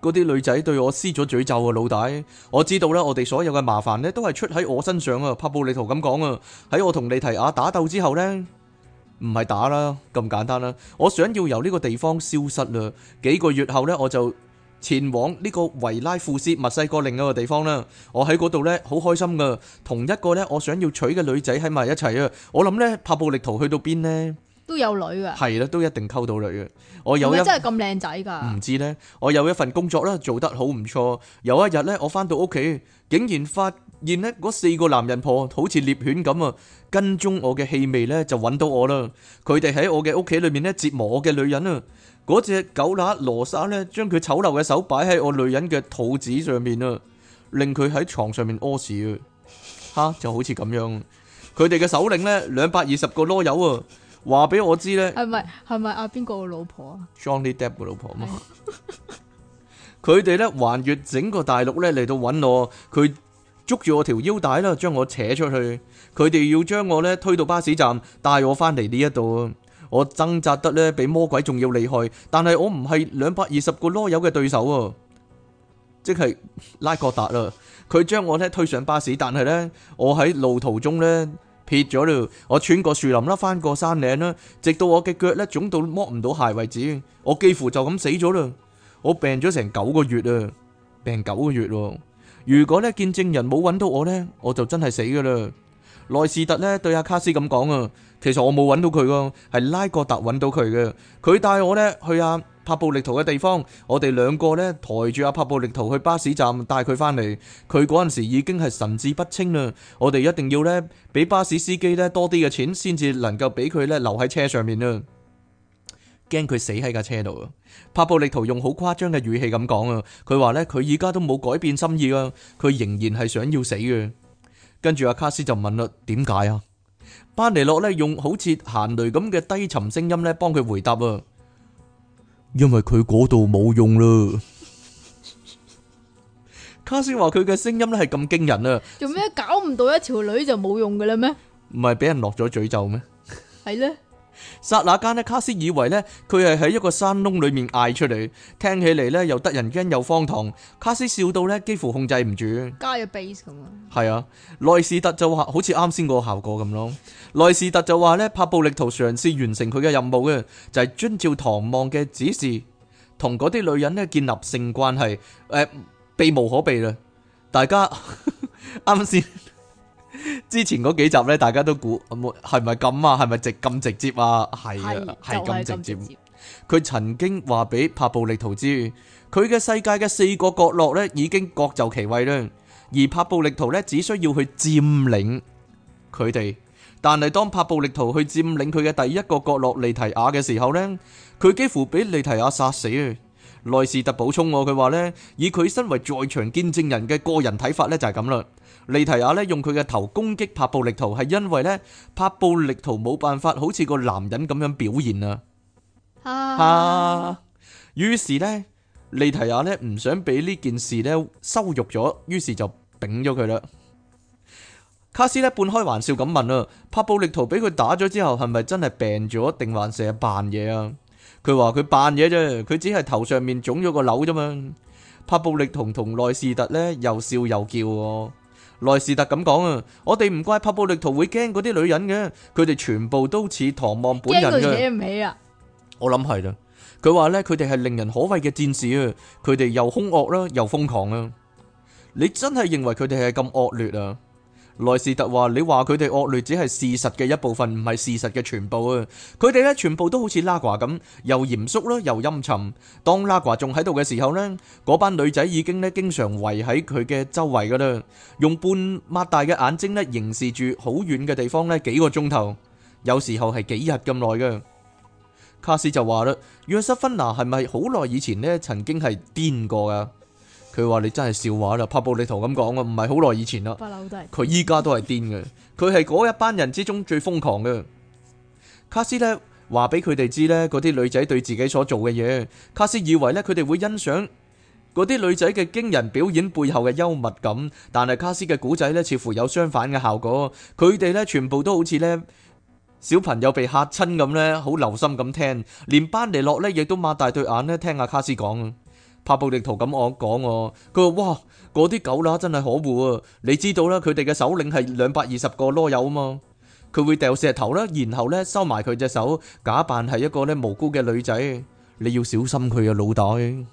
嗰啲女仔對我施咗詛咒啊！老大，我知道咧，我哋所有嘅麻煩咧都係出喺我身上啊！帕布利圖咁講啊，喺我同利提亞打鬥之後咧，唔係打啦咁簡單啦，我想要由呢個地方消失啦。幾個月後咧，我就。前往呢個維拉庫斯、墨西哥另一個地方啦。我喺嗰度咧，好開心噶，同一個咧我想要娶嘅女仔喺埋一齊啊。我諗咧，拍布力圖去到邊咧，都有女嘅。係啦，都一定溝到女嘅。我有一真係咁靚仔㗎。唔知咧，我有一份工作啦，做得好唔錯。有一日咧，我翻到屋企，竟然發現咧嗰四個男人婆好似獵犬咁啊，跟蹤我嘅氣味咧就揾到我啦。佢哋喺我嘅屋企裏面咧折磨我嘅女人啊。嗰隻狗乸羅莎咧，將佢醜陋嘅手擺喺我女人嘅肚子上面，啊，令佢喺床上面屙屎啊！吓就好似咁樣，佢哋嘅首領咧，兩百二十個囉柚啊，話俾我知咧，係咪係咪阿邊個老婆啊？Johnny Depp 嘅老婆嗎？佢哋咧橫越整個大陸咧嚟到搵我，佢捉住我條腰帶啦，將我扯出去，佢哋要將我咧推到巴士站，帶我翻嚟呢一度啊！我掙扎得咧比魔鬼仲要厲害，但係我唔係兩百二十個囉柚嘅對手啊！即係拉各達啦，佢將我咧推上巴士，但係咧我喺路途中咧撇咗啦，我穿過樹林啦，翻過山嶺啦，直到我嘅腳咧腫到摸唔到鞋為止，我幾乎就咁死咗啦！我病咗成九個月啊，病九個月咯！如果咧見證人冇揾到我咧，我就真係死噶啦！內斯特咧對阿卡斯咁講啊！其實我冇揾到佢㗎，係拉格達揾到佢嘅。佢帶我呢去阿、啊、帕布力圖嘅地方，我哋兩個呢抬住阿、啊、帕布力圖去巴士站，帶佢翻嚟。佢嗰陣時已經係神志不清啦，我哋一定要呢俾巴士司機呢多啲嘅錢，先至能夠俾佢呢留喺車上面啦。驚佢死喺架車度，帕布力圖用好誇張嘅語氣咁講啊！佢話呢，佢而家都冇改變心意啊，佢仍然係想要死嘅。跟住阿卡斯就問啦：點解啊？班尼洛咧用好似閒雷咁嘅低沉聲音咧幫佢回答啊，因為佢嗰度冇用啦。卡斯話佢嘅聲音咧係咁驚人啊！做咩搞唔到一條女就冇用嘅啦咩？唔係俾人落咗詛咒咩？係咧。剎那間咧，卡斯以為咧佢係喺一個山窿裏面嗌出嚟，聽起嚟咧又得人驚又荒唐。卡斯笑到咧幾乎控制唔住。加咗 base 咁啊？係啊，奈斯特就話好似啱先個效果咁咯。奈斯特就話呢，柏布力圖嘗試完成佢嘅任務嘅，就係、是、遵照唐望嘅指示，同嗰啲女人咧建立性關係。誒、呃，避無可避啦，大家啱先。 剛剛才 之前嗰幾集咧，大家都估，冇係咪咁啊？係咪直咁直接啊？係啊，係咁、啊啊、直接。佢曾經話俾帕布力圖知，佢嘅世界嘅四個角落咧已經各就其位啦，而帕布力圖咧只需要去佔領佢哋。但係當帕布力圖去佔領佢嘅第一個角落利提亞嘅時候咧，佢幾乎俾利提亞殺死。內斯特補充，佢話呢，以佢身為在場見證人嘅個人睇法呢，就係咁啦。利提亞呢，用佢嘅頭攻擊帕布力圖，係因為呢，帕布力圖冇辦法好似個男人咁樣表現啊。哈，於是呢，利提亞呢唔想俾呢件事呢羞辱咗，於是就頂咗佢啦。卡斯呢半開玩笑咁問啊，帕布力圖俾佢打咗之後，係咪真係病咗，定還是扮嘢啊？佢話佢扮嘢啫，佢只係頭上面腫咗個瘤啫嘛。帕布力圖同內士特咧又笑又叫。內士特咁講啊，我哋唔怪帕布力圖會驚嗰啲女人嘅，佢哋全部都似唐望本人嘅。惹佢唔起啊！我諗係啦。佢話咧，佢哋係令人可畏嘅戰士啊，佢哋又凶惡啦，又瘋狂啊！你真係認為佢哋係咁惡劣啊？萊斯特話：你話佢哋惡劣只係事實嘅一部分，唔係事實嘅全部啊！佢哋咧全部都好似拉瓜咁，又嚴肅啦，又陰沉。當拉瓜仲喺度嘅時候呢，嗰班女仔已經咧經常圍喺佢嘅周圍噶啦，用半擘大嘅眼睛咧凝視住好遠嘅地方咧幾個鐘頭，有時候係幾日咁耐噶。卡斯就話啦：約瑟芬娜係咪好耐以前咧曾經係癲過啊？佢話，你真係笑話啦，帕布里圖咁講啊，唔係好耐以前啦。佢依家都係癲嘅，佢係嗰一班人之中最瘋狂嘅。卡斯呢話俾佢哋知呢嗰啲女仔對自己所做嘅嘢，卡斯以為呢佢哋會欣賞嗰啲女仔嘅驚人表演背後嘅幽默感，但係卡斯嘅古仔呢似乎有相反嘅效果。佢哋呢全部都好似呢小朋友被吓親咁呢，好留心咁聽，連班尼諾呢亦都擘大對眼呢聽阿卡斯講。拍暴力圖咁我講喎，佢話，哇，嗰啲狗乸真係可惡啊！你知道啦，佢哋嘅首領係兩百二十個囉柚啊嘛，佢會掉石頭啦，然後咧收埋佢隻手，假扮係一個咧無辜嘅女仔。你要小心佢嘅腦袋。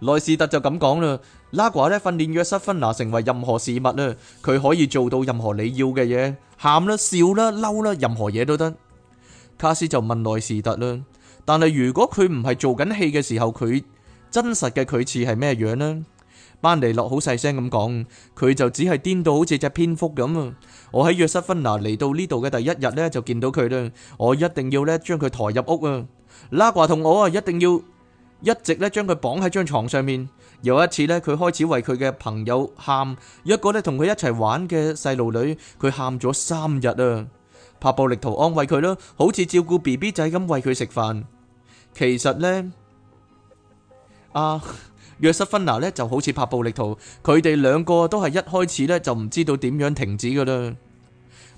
內士特就咁講啦，拉瓜咧訓練約瑟芬娜成為任何事物啊，佢可以做到任何你要嘅嘢，喊啦、笑啦、嬲啦，任何嘢都得。卡斯就問內士特啦，但係如果佢唔係做緊戲嘅時候，佢。真實嘅佢似係咩樣呢？班尼諾好細聲咁講，佢就只係顛到好似隻蝙蝠咁啊！我喺約瑟芬娜嚟到呢度嘅第一日呢，就見到佢啦。我一定要呢將佢抬入屋啊！拉華同我啊，一定要一直呢將佢綁喺張床上面。有一次呢，佢開始為佢嘅朋友喊，一個呢同佢一齊玩嘅細路女，佢喊咗三日啊！帕布力圖安慰佢囉，好似照顧 BB 仔咁餵佢食飯。其實呢。啊，約瑟芬娜呢就好似拍暴力圖，佢哋兩個都係一開始呢就唔知道點樣停止噶啦。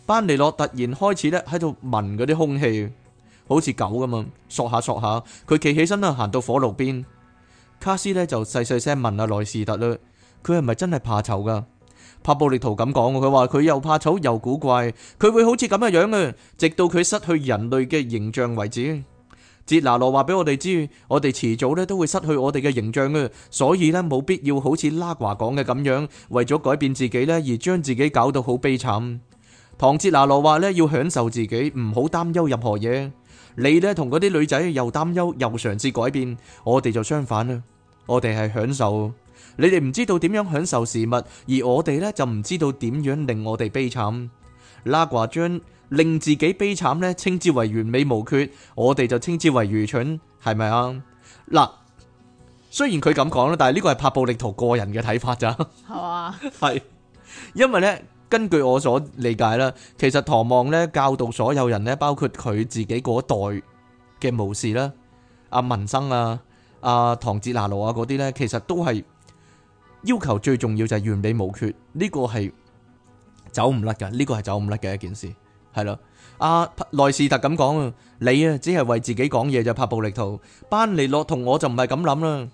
班尼諾突然開始呢喺度聞嗰啲空氣，好似狗咁樣，索下索下。佢企起身啦，行到火爐邊。卡斯呢就細細聲問阿、啊、萊士特啦：佢係咪真係怕醜噶？拍暴力圖咁講，佢話佢又怕醜又古怪，佢會好似咁嘅樣啊，直到佢失去人類嘅形象為止。哲拿羅話俾我哋知，我哋遲早咧都會失去我哋嘅形象啊！所以咧冇必要好似拉瓜講嘅咁樣，為咗改變自己咧而將自己搞到好悲慘。唐哲拿羅話咧要享受自己，唔好擔憂任何嘢。你呢，同嗰啲女仔又擔憂又嘗試改變，我哋就相反啊！我哋係享受。你哋唔知道點樣享受事物，而我哋咧就唔知道點樣令我哋悲慘。拉瓜將。令自己悲慘咧，稱之為完美無缺，我哋就稱之為愚蠢，係咪啊？嗱，雖然佢咁講啦，但係呢個係拍布力圖個人嘅睇法咋，係嘛、啊？係 因為呢，根據我所理解啦，其實唐望呢，教導所有人呢，包括佢自己嗰一代嘅武士啦，阿文生啊，阿、啊、唐哲拿羅啊嗰啲呢，其實都係要求最重要就係完美無缺。呢個係走唔甩噶，呢個係走唔甩嘅一件事。係啦，阿內斯特咁講啊，你啊只係為自己講嘢就拍暴力圖。班尼洛同我就唔係咁諗啦。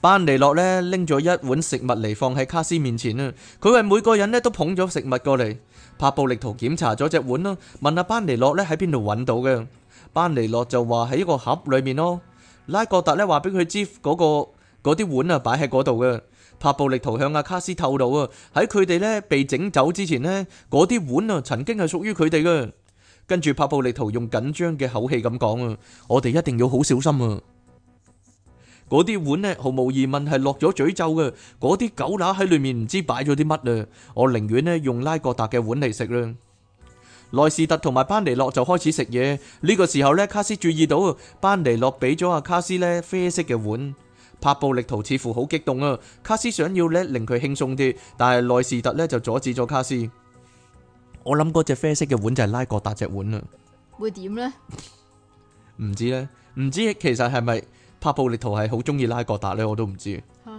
班尼洛咧拎咗一碗食物嚟放喺卡斯面前啊，佢為每個人咧都捧咗食物過嚟。拍暴力圖檢查咗隻碗啦，問阿班尼洛咧喺邊度揾到嘅。班尼洛就話喺一個盒裏面咯。拉各特咧話俾佢知嗰個嗰啲碗啊擺喺嗰度嘅。帕布力圖向阿卡斯透露啊，喺佢哋呢被整走之前呢，嗰啲碗啊曾經係屬於佢哋嘅。跟住帕布力圖用緊張嘅口氣咁講啊，我哋一定要好小心啊。嗰啲碗呢，毫無疑問係落咗詛咒嘅，嗰啲狗乸喺裏面唔知擺咗啲乜啊。我寧願呢用拉各達嘅碗嚟食啦。內士特同埋班尼諾就開始食嘢。呢、呢個時候呢，卡斯注意到班尼諾俾咗阿卡斯呢啡色嘅碗。帕布力圖似乎好激動啊！卡斯想要咧令佢輕鬆啲，但係內士特咧就阻止咗卡斯。我諗嗰隻啡色嘅碗就係拉各達隻碗啊。會點呢？唔 知呢？唔知其實係咪帕布力圖係好中意拉各達呢？我都唔知。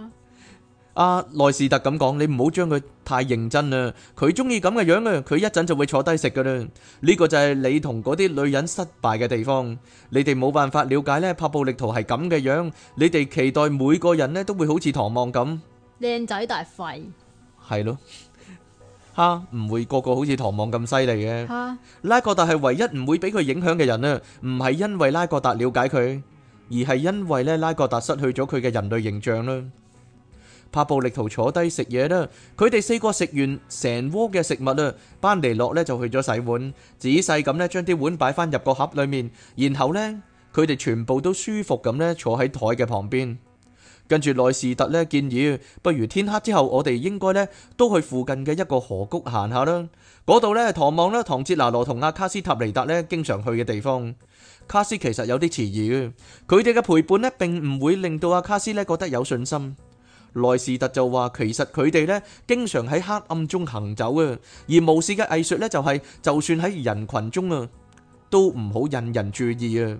啊內士特咁講，你唔好將佢太認真啦，佢中意咁嘅樣啦，佢一陣就會坐低食噶啦。呢個就係你同嗰啲女人失敗嘅地方，你哋冇辦法了解咧帕布力圖係咁嘅樣，你哋期待每個人咧都會好似唐望咁。靚仔大廢係咯，哈唔會個個好似唐望咁犀利嘅。拉格達係唯一唔會俾佢影響嘅人啦，唔係因為拉格達了解佢，而係因為咧拉格達失去咗佢嘅人類形象啦。怕布力圖坐低食嘢啦，佢哋四個食完成鍋嘅食物啦，班尼諾呢就去咗洗碗，仔細咁呢將啲碗擺翻入個盒裏面，然後呢，佢哋全部都舒服咁呢坐喺台嘅旁邊，跟住內士特呢建議，不如天黑之後我哋應該呢都去附近嘅一個河谷行下啦，嗰度呢，唐望啦、唐哲拿羅同阿卡斯塔尼達呢經常去嘅地方，卡斯其實有啲遲疑，佢哋嘅陪伴呢並唔會令到阿卡斯呢覺得有信心。萊士特就話，其實佢哋咧，經常喺黑暗中行走啊。而無視嘅藝術呢，就係就算喺人群中啊，都唔好引人注意啊。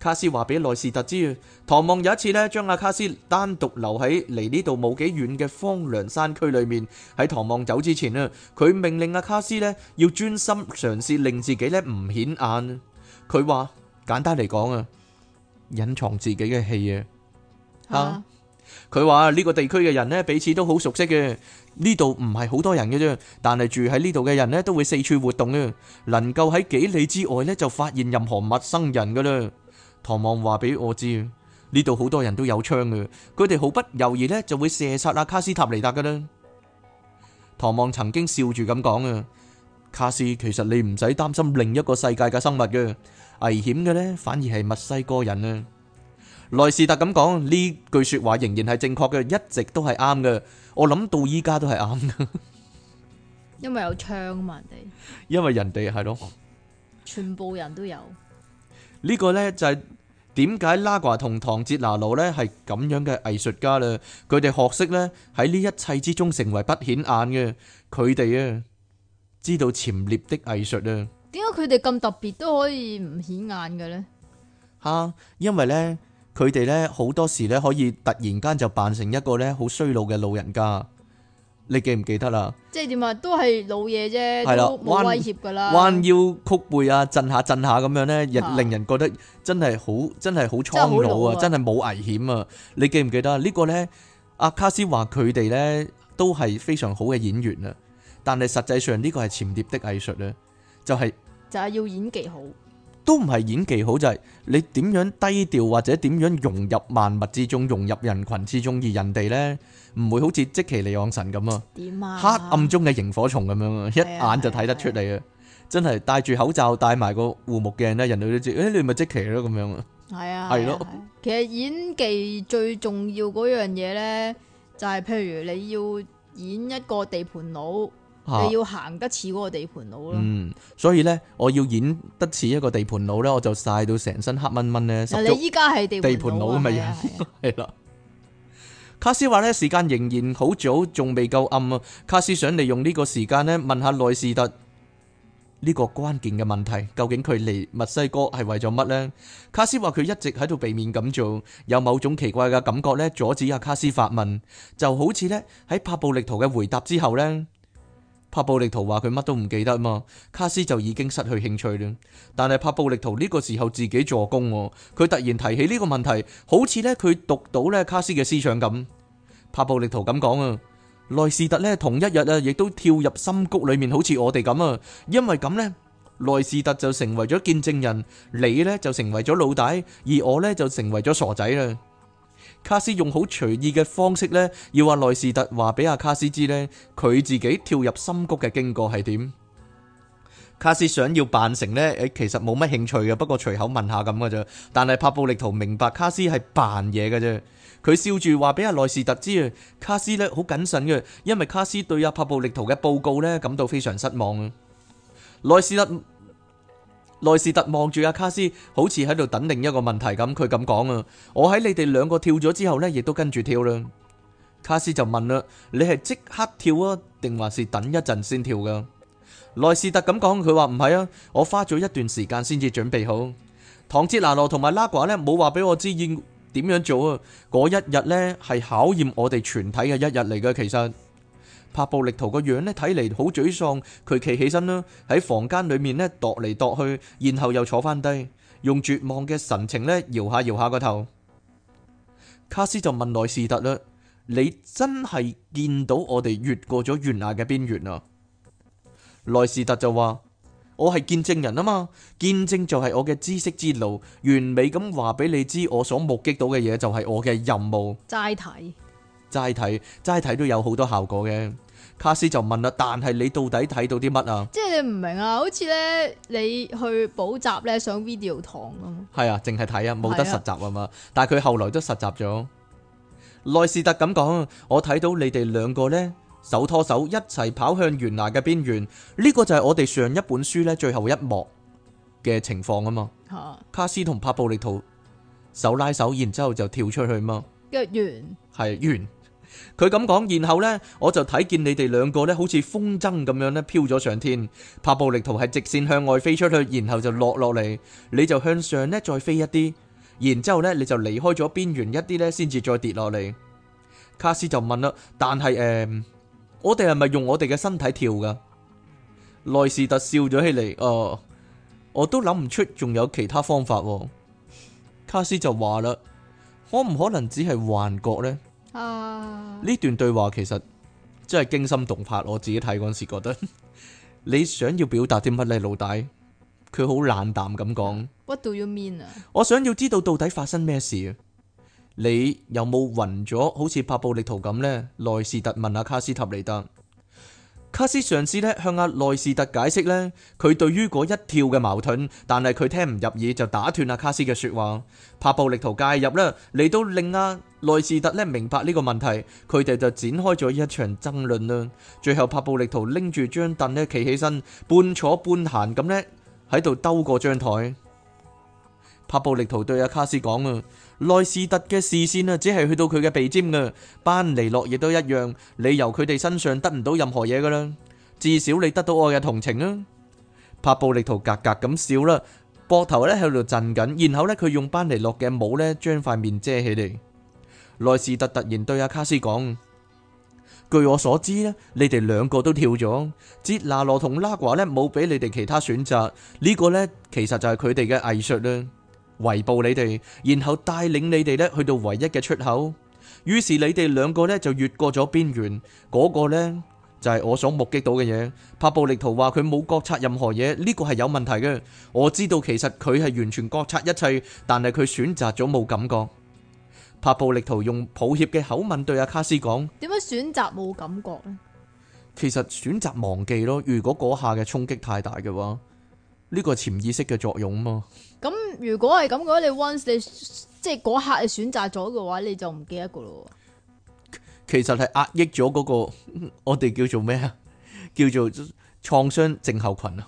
卡斯話俾內斯特知，啊，唐望有一次咧，將阿卡斯單獨留喺離呢度冇幾遠嘅荒涼山區裏面。喺唐望走之前啊，佢命令阿卡斯呢要專心嘗試令自己呢唔顯眼。佢話簡單嚟講啊，隱藏自己嘅氣啊。啊。佢話：呢個地區嘅人咧，彼此都好熟悉嘅。呢度唔係好多人嘅啫，但係住喺呢度嘅人咧，都會四處活動嘅，能夠喺幾里之外呢，就發現任何陌生人嘅啦。唐望話俾我知，呢度好多人都有槍嘅，佢哋毫不猶豫呢就會射殺阿卡斯塔尼達嘅啦。唐望曾經笑住咁講啊，卡斯其實你唔使擔心另一個世界嘅生物嘅危險嘅呢，反而係墨西哥人啊。萊士特咁講呢句說話仍然係正確嘅，一直都係啱嘅。我諗到依家都係啱。 因為有槍啊，人哋。因為人哋係咯，全部人都有呢個呢，就係點解拉瓜同唐哲拿路呢係咁樣嘅藝術家啦。佢哋學識呢，喺呢，呢一切之中成為不顯眼嘅，佢哋啊知道潛獵的藝術啊。點解佢哋咁特別都可以唔顯眼嘅呢？吓、啊，因為呢。佢哋咧好多時咧可以突然間就扮成一個咧好衰老嘅老人家，你記唔記得啦？即係點啊？都係老嘢啫，係啦，冇威脅噶啦。彎腰曲背啊，震下震下咁樣咧，令、啊、令人覺得真係好，真係好蒼老啊！老真係冇危險啊！你記唔記得、這個、呢個咧？阿卡斯話佢哋咧都係非常好嘅演員啊，但係實際上呢個係潛碟的藝術咧，就係、是、就係要演技好。都唔係演技好，就係、是、你點樣低調或者點樣融入萬物之中，融入人群之中，而人哋呢唔會好似積奇利昂神咁啊，黑暗中嘅螢火蟲咁樣啊，一眼就睇得出嚟啊，啊啊真係戴住口罩戴埋個護目鏡咧，人哋都知誒、欸，你咪積奇咯咁樣啊，係啊，係咯，其實演技最重要嗰樣嘢呢，就係、是、譬如你要演一個地盤佬。你要行得似嗰個地盤佬咯，嗯，所以呢，我要演得似一個地盤佬呢，我就曬到成身黑蚊蚊呢，但係你依家係地盤佬咪樣係啦。啊啊、 卡斯話呢時間仍然好早，仲未夠暗啊。卡斯想利用呢個時間呢問下內斯特呢個關鍵嘅問題，究竟佢嚟墨西哥係為咗乜呢？卡斯話佢一直喺度避免咁做，有某種奇怪嘅感覺呢阻止阿卡斯發問，就好似呢喺帕布力圖嘅回答之後呢。帕布力圖話佢乜都唔記得嘛，卡斯就已經失去興趣啦。但係帕布力圖呢個時候自己助攻，佢突然提起呢個問題，好似呢佢讀到咧卡斯嘅思想咁。帕布力圖咁講啊，內士特呢同一日啊，亦都跳入深谷裏面，好似我哋咁啊。因為咁呢，內士特就成為咗見證人，你呢就成為咗老大，而我呢就成為咗傻仔啦。卡斯用好隨意嘅方式呢，要話、啊、內士特話俾阿卡斯知呢，佢自己跳入深谷嘅經過係點。卡斯想要扮成呢，誒,其實冇乜興趣嘅,不過隨口問下咁嘅啫。但係帕布力圖明白卡斯係扮嘢嘅啫，佢笑住話俾阿內士特知，卡斯呢好謹慎嘅，因為卡斯對阿、啊、帕布力圖嘅報告呢感到非常失望啊。內士特。內士特望住阿卡斯，好似喺度等另一個問題咁，佢咁講啊，我喺你哋兩個跳咗之後呢，亦都跟住跳啦。卡斯就問啦，你係即刻跳啊，定還是等一陣先跳噶？內士特咁講，佢話唔係啊，我花咗一段時間先至準備好。唐哲拿羅同埋拉瓜呢，冇話俾我知應點樣做啊。嗰一日呢，係考驗我哋全體嘅一日嚟嘅，其實。帕布力圖個樣呢，睇嚟，好沮喪。佢企起身啦，喺房間裏面呢，踱嚟踱去，然後又坐翻低，用絕望嘅神情呢，搖下搖下個頭。卡斯就問萊士特啦，你真係見到我哋越過咗懸崖嘅邊緣啊？萊士特就話，我係見證人啊嘛，見證就係我嘅知識之路，完美咁話俾你知，我所目擊到嘅嘢就係我嘅任務。齋睇。齋睇齋睇都有好多效果嘅。卡斯就問啦，但係你到底睇到啲乜啊？即係你唔明啊，好似咧你去補習咧上 video 堂咁。係啊，淨係睇啊，冇得實習啊嘛。啊但係佢後來都實習咗。奈斯特咁講，我睇到你哋兩個呢，手拖手一齊跑向懸崖嘅邊緣。呢、這個就係我哋上一本書呢最後一幕嘅情況啊嘛。啊卡斯同帕布利圖手拉手，然之後就跳出去嘛。躍完係完。佢咁講，然後呢，我就睇見你哋兩個呢好似風箏咁樣呢，飄咗上天。帕布力圖係直線向外飛出去，然後就落落嚟，你就向上呢再飛一啲，然之後呢你就離開咗邊緣一啲呢先至再跌落嚟。卡斯就問啦，但係誒、呃，我哋係咪用我哋嘅身體跳噶？內士特笑咗起嚟，哦，我都諗唔出仲有其他方法。卡斯就話啦，可唔可能只係幻覺呢？啊！呢段對話其實真係驚心動魄，我自己睇嗰陣時覺得 你想要表達啲乜呢？老大佢好冷淡咁講。What do you mean 啊？我想要知道到底發生咩事，你有冇暈咗？好似帕布力圖咁呢？內斯特問阿、啊、卡斯塔尼達，卡斯嘗試咧向阿內斯特解釋呢，佢對於嗰一跳嘅矛盾，但係佢聽唔入耳就打斷阿、啊、卡斯嘅說話，帕布力圖介入咧，嚟到令阿、啊。內士特咧明白呢個問題，佢哋就展開咗一場爭論啦。最後帕布力圖拎住張凳咧企起身，半坐半閒咁咧喺度兜過張台。帕布力圖對阿卡斯講啊，內士特嘅視線啊只係去到佢嘅鼻尖噶，班尼諾亦都一樣，你由佢哋身上得唔到任何嘢噶啦，至少你得到我嘅同情啊！帕布力圖格格咁笑啦，膊頭咧喺度震緊，然後咧佢用班尼諾嘅帽咧將塊面遮起嚟。內斯特突然對阿卡斯講：據我所知咧，你哋兩個都跳咗。捷拿羅同拉瓜呢，冇俾你哋其他選擇，呢個呢，其實就係佢哋嘅藝術啦，圍捕你哋，然後帶領你哋呢去到唯一嘅出口。於是你哋兩個呢就越過咗邊緣，嗰個呢，就係我所目擊到嘅嘢。帕布力圖話佢冇覺察任何嘢，呢個係有問題嘅。我知道其實佢係完全覺察一切，但係佢選擇咗冇感覺。拍布力圖用抱歉嘅口吻對阿卡斯講，點解選擇冇感覺咧？其實選擇忘記咯。如果嗰下嘅衝擊太大嘅話，呢個潛意識嘅作用啊嘛。咁如果係咁嘅話，你 once 你即係嗰刻你選擇咗嘅話，你就唔記得㗎咯。其實係壓抑咗嗰、那個，我哋叫做咩啊？叫做創傷症候群啊！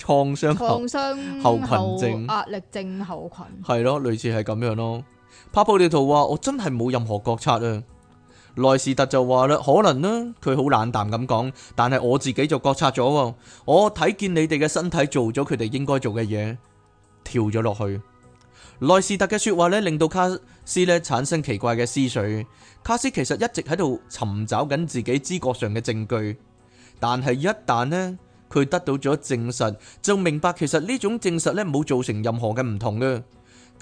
創傷創傷後群症、壓力症候群，係咯，類似係咁樣咯。帕布利圖話：我真係冇任何覺察啊！內斯特就話啦，可能呢，佢好冷淡咁講。但係我自己就覺察咗，我睇見你哋嘅身體做咗佢哋應該做嘅嘢，跳咗落去。內斯特嘅說話呢，令到卡斯咧產生奇怪嘅思緒。卡斯其實一直喺度尋找緊自己知覺上嘅證據，但係一旦呢，佢得到咗證實，就明白其實呢種證實呢冇造成任何嘅唔同嘅。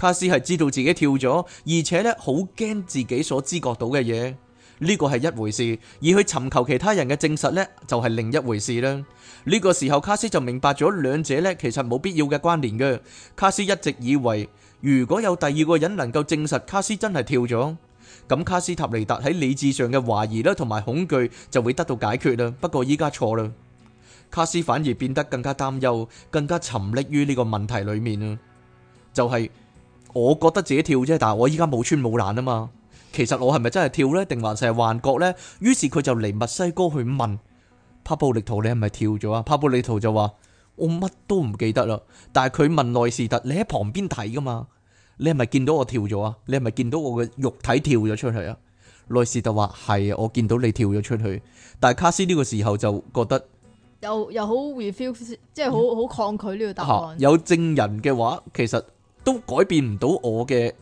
卡斯係知道自己跳咗，而且咧好驚自己所知覺到嘅嘢，呢個係一回事；而去尋求其他人嘅證實呢，就係另一回事啦。呢個時候卡斯就明白咗兩者呢其實冇必要嘅關聯嘅。卡斯一直以為，如果有第二個人能夠證實卡斯真係跳咗，咁卡斯塔尼達喺理智上嘅懷疑啦同埋恐懼就會得到解決啦。不過依家錯啦，卡斯反而變得更加擔憂，更加沉溺於呢個問題裏面啊，就係。我覺得自己跳啫，但係我依家冇穿冇爛啊嘛。其實我係咪真係跳呢？定還是係幻覺呢？於是佢就嚟墨西哥去問帕布力圖：你係咪跳咗啊？帕布力圖就話：我乜都唔記得啦。但係佢問內斯特：你喺旁邊睇噶嘛？你係咪見到我跳咗啊？你係咪見到我嘅肉體跳咗出去啊？內斯特話：係，我見到你跳咗出去。但係卡斯呢個時候就覺得又又好 refuse，即係好好抗拒呢個答案。啊，有證人嘅話，其實。都改變唔到我嘅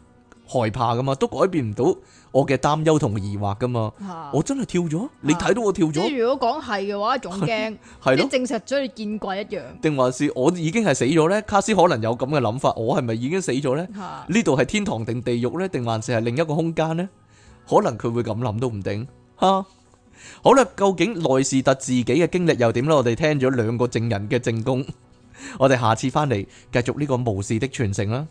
害怕噶嘛，都改變唔到我嘅擔憂同疑惑噶嘛。我真係跳咗，你睇到我跳咗。如果講係嘅話，仲驚，係咯，證實咗你見鬼一樣。定還是我已經係死咗呢？卡斯可能有咁嘅諗法，我係咪已經死咗呢？呢度係天堂定地獄呢？定還是係另一個空間呢？可能佢會咁諗都唔定。吓，好啦，究竟內士特自己嘅經歷又點呢？我哋聽咗兩個證人嘅證供。我哋下次返嚟，繼續呢個巫士的傳承啦。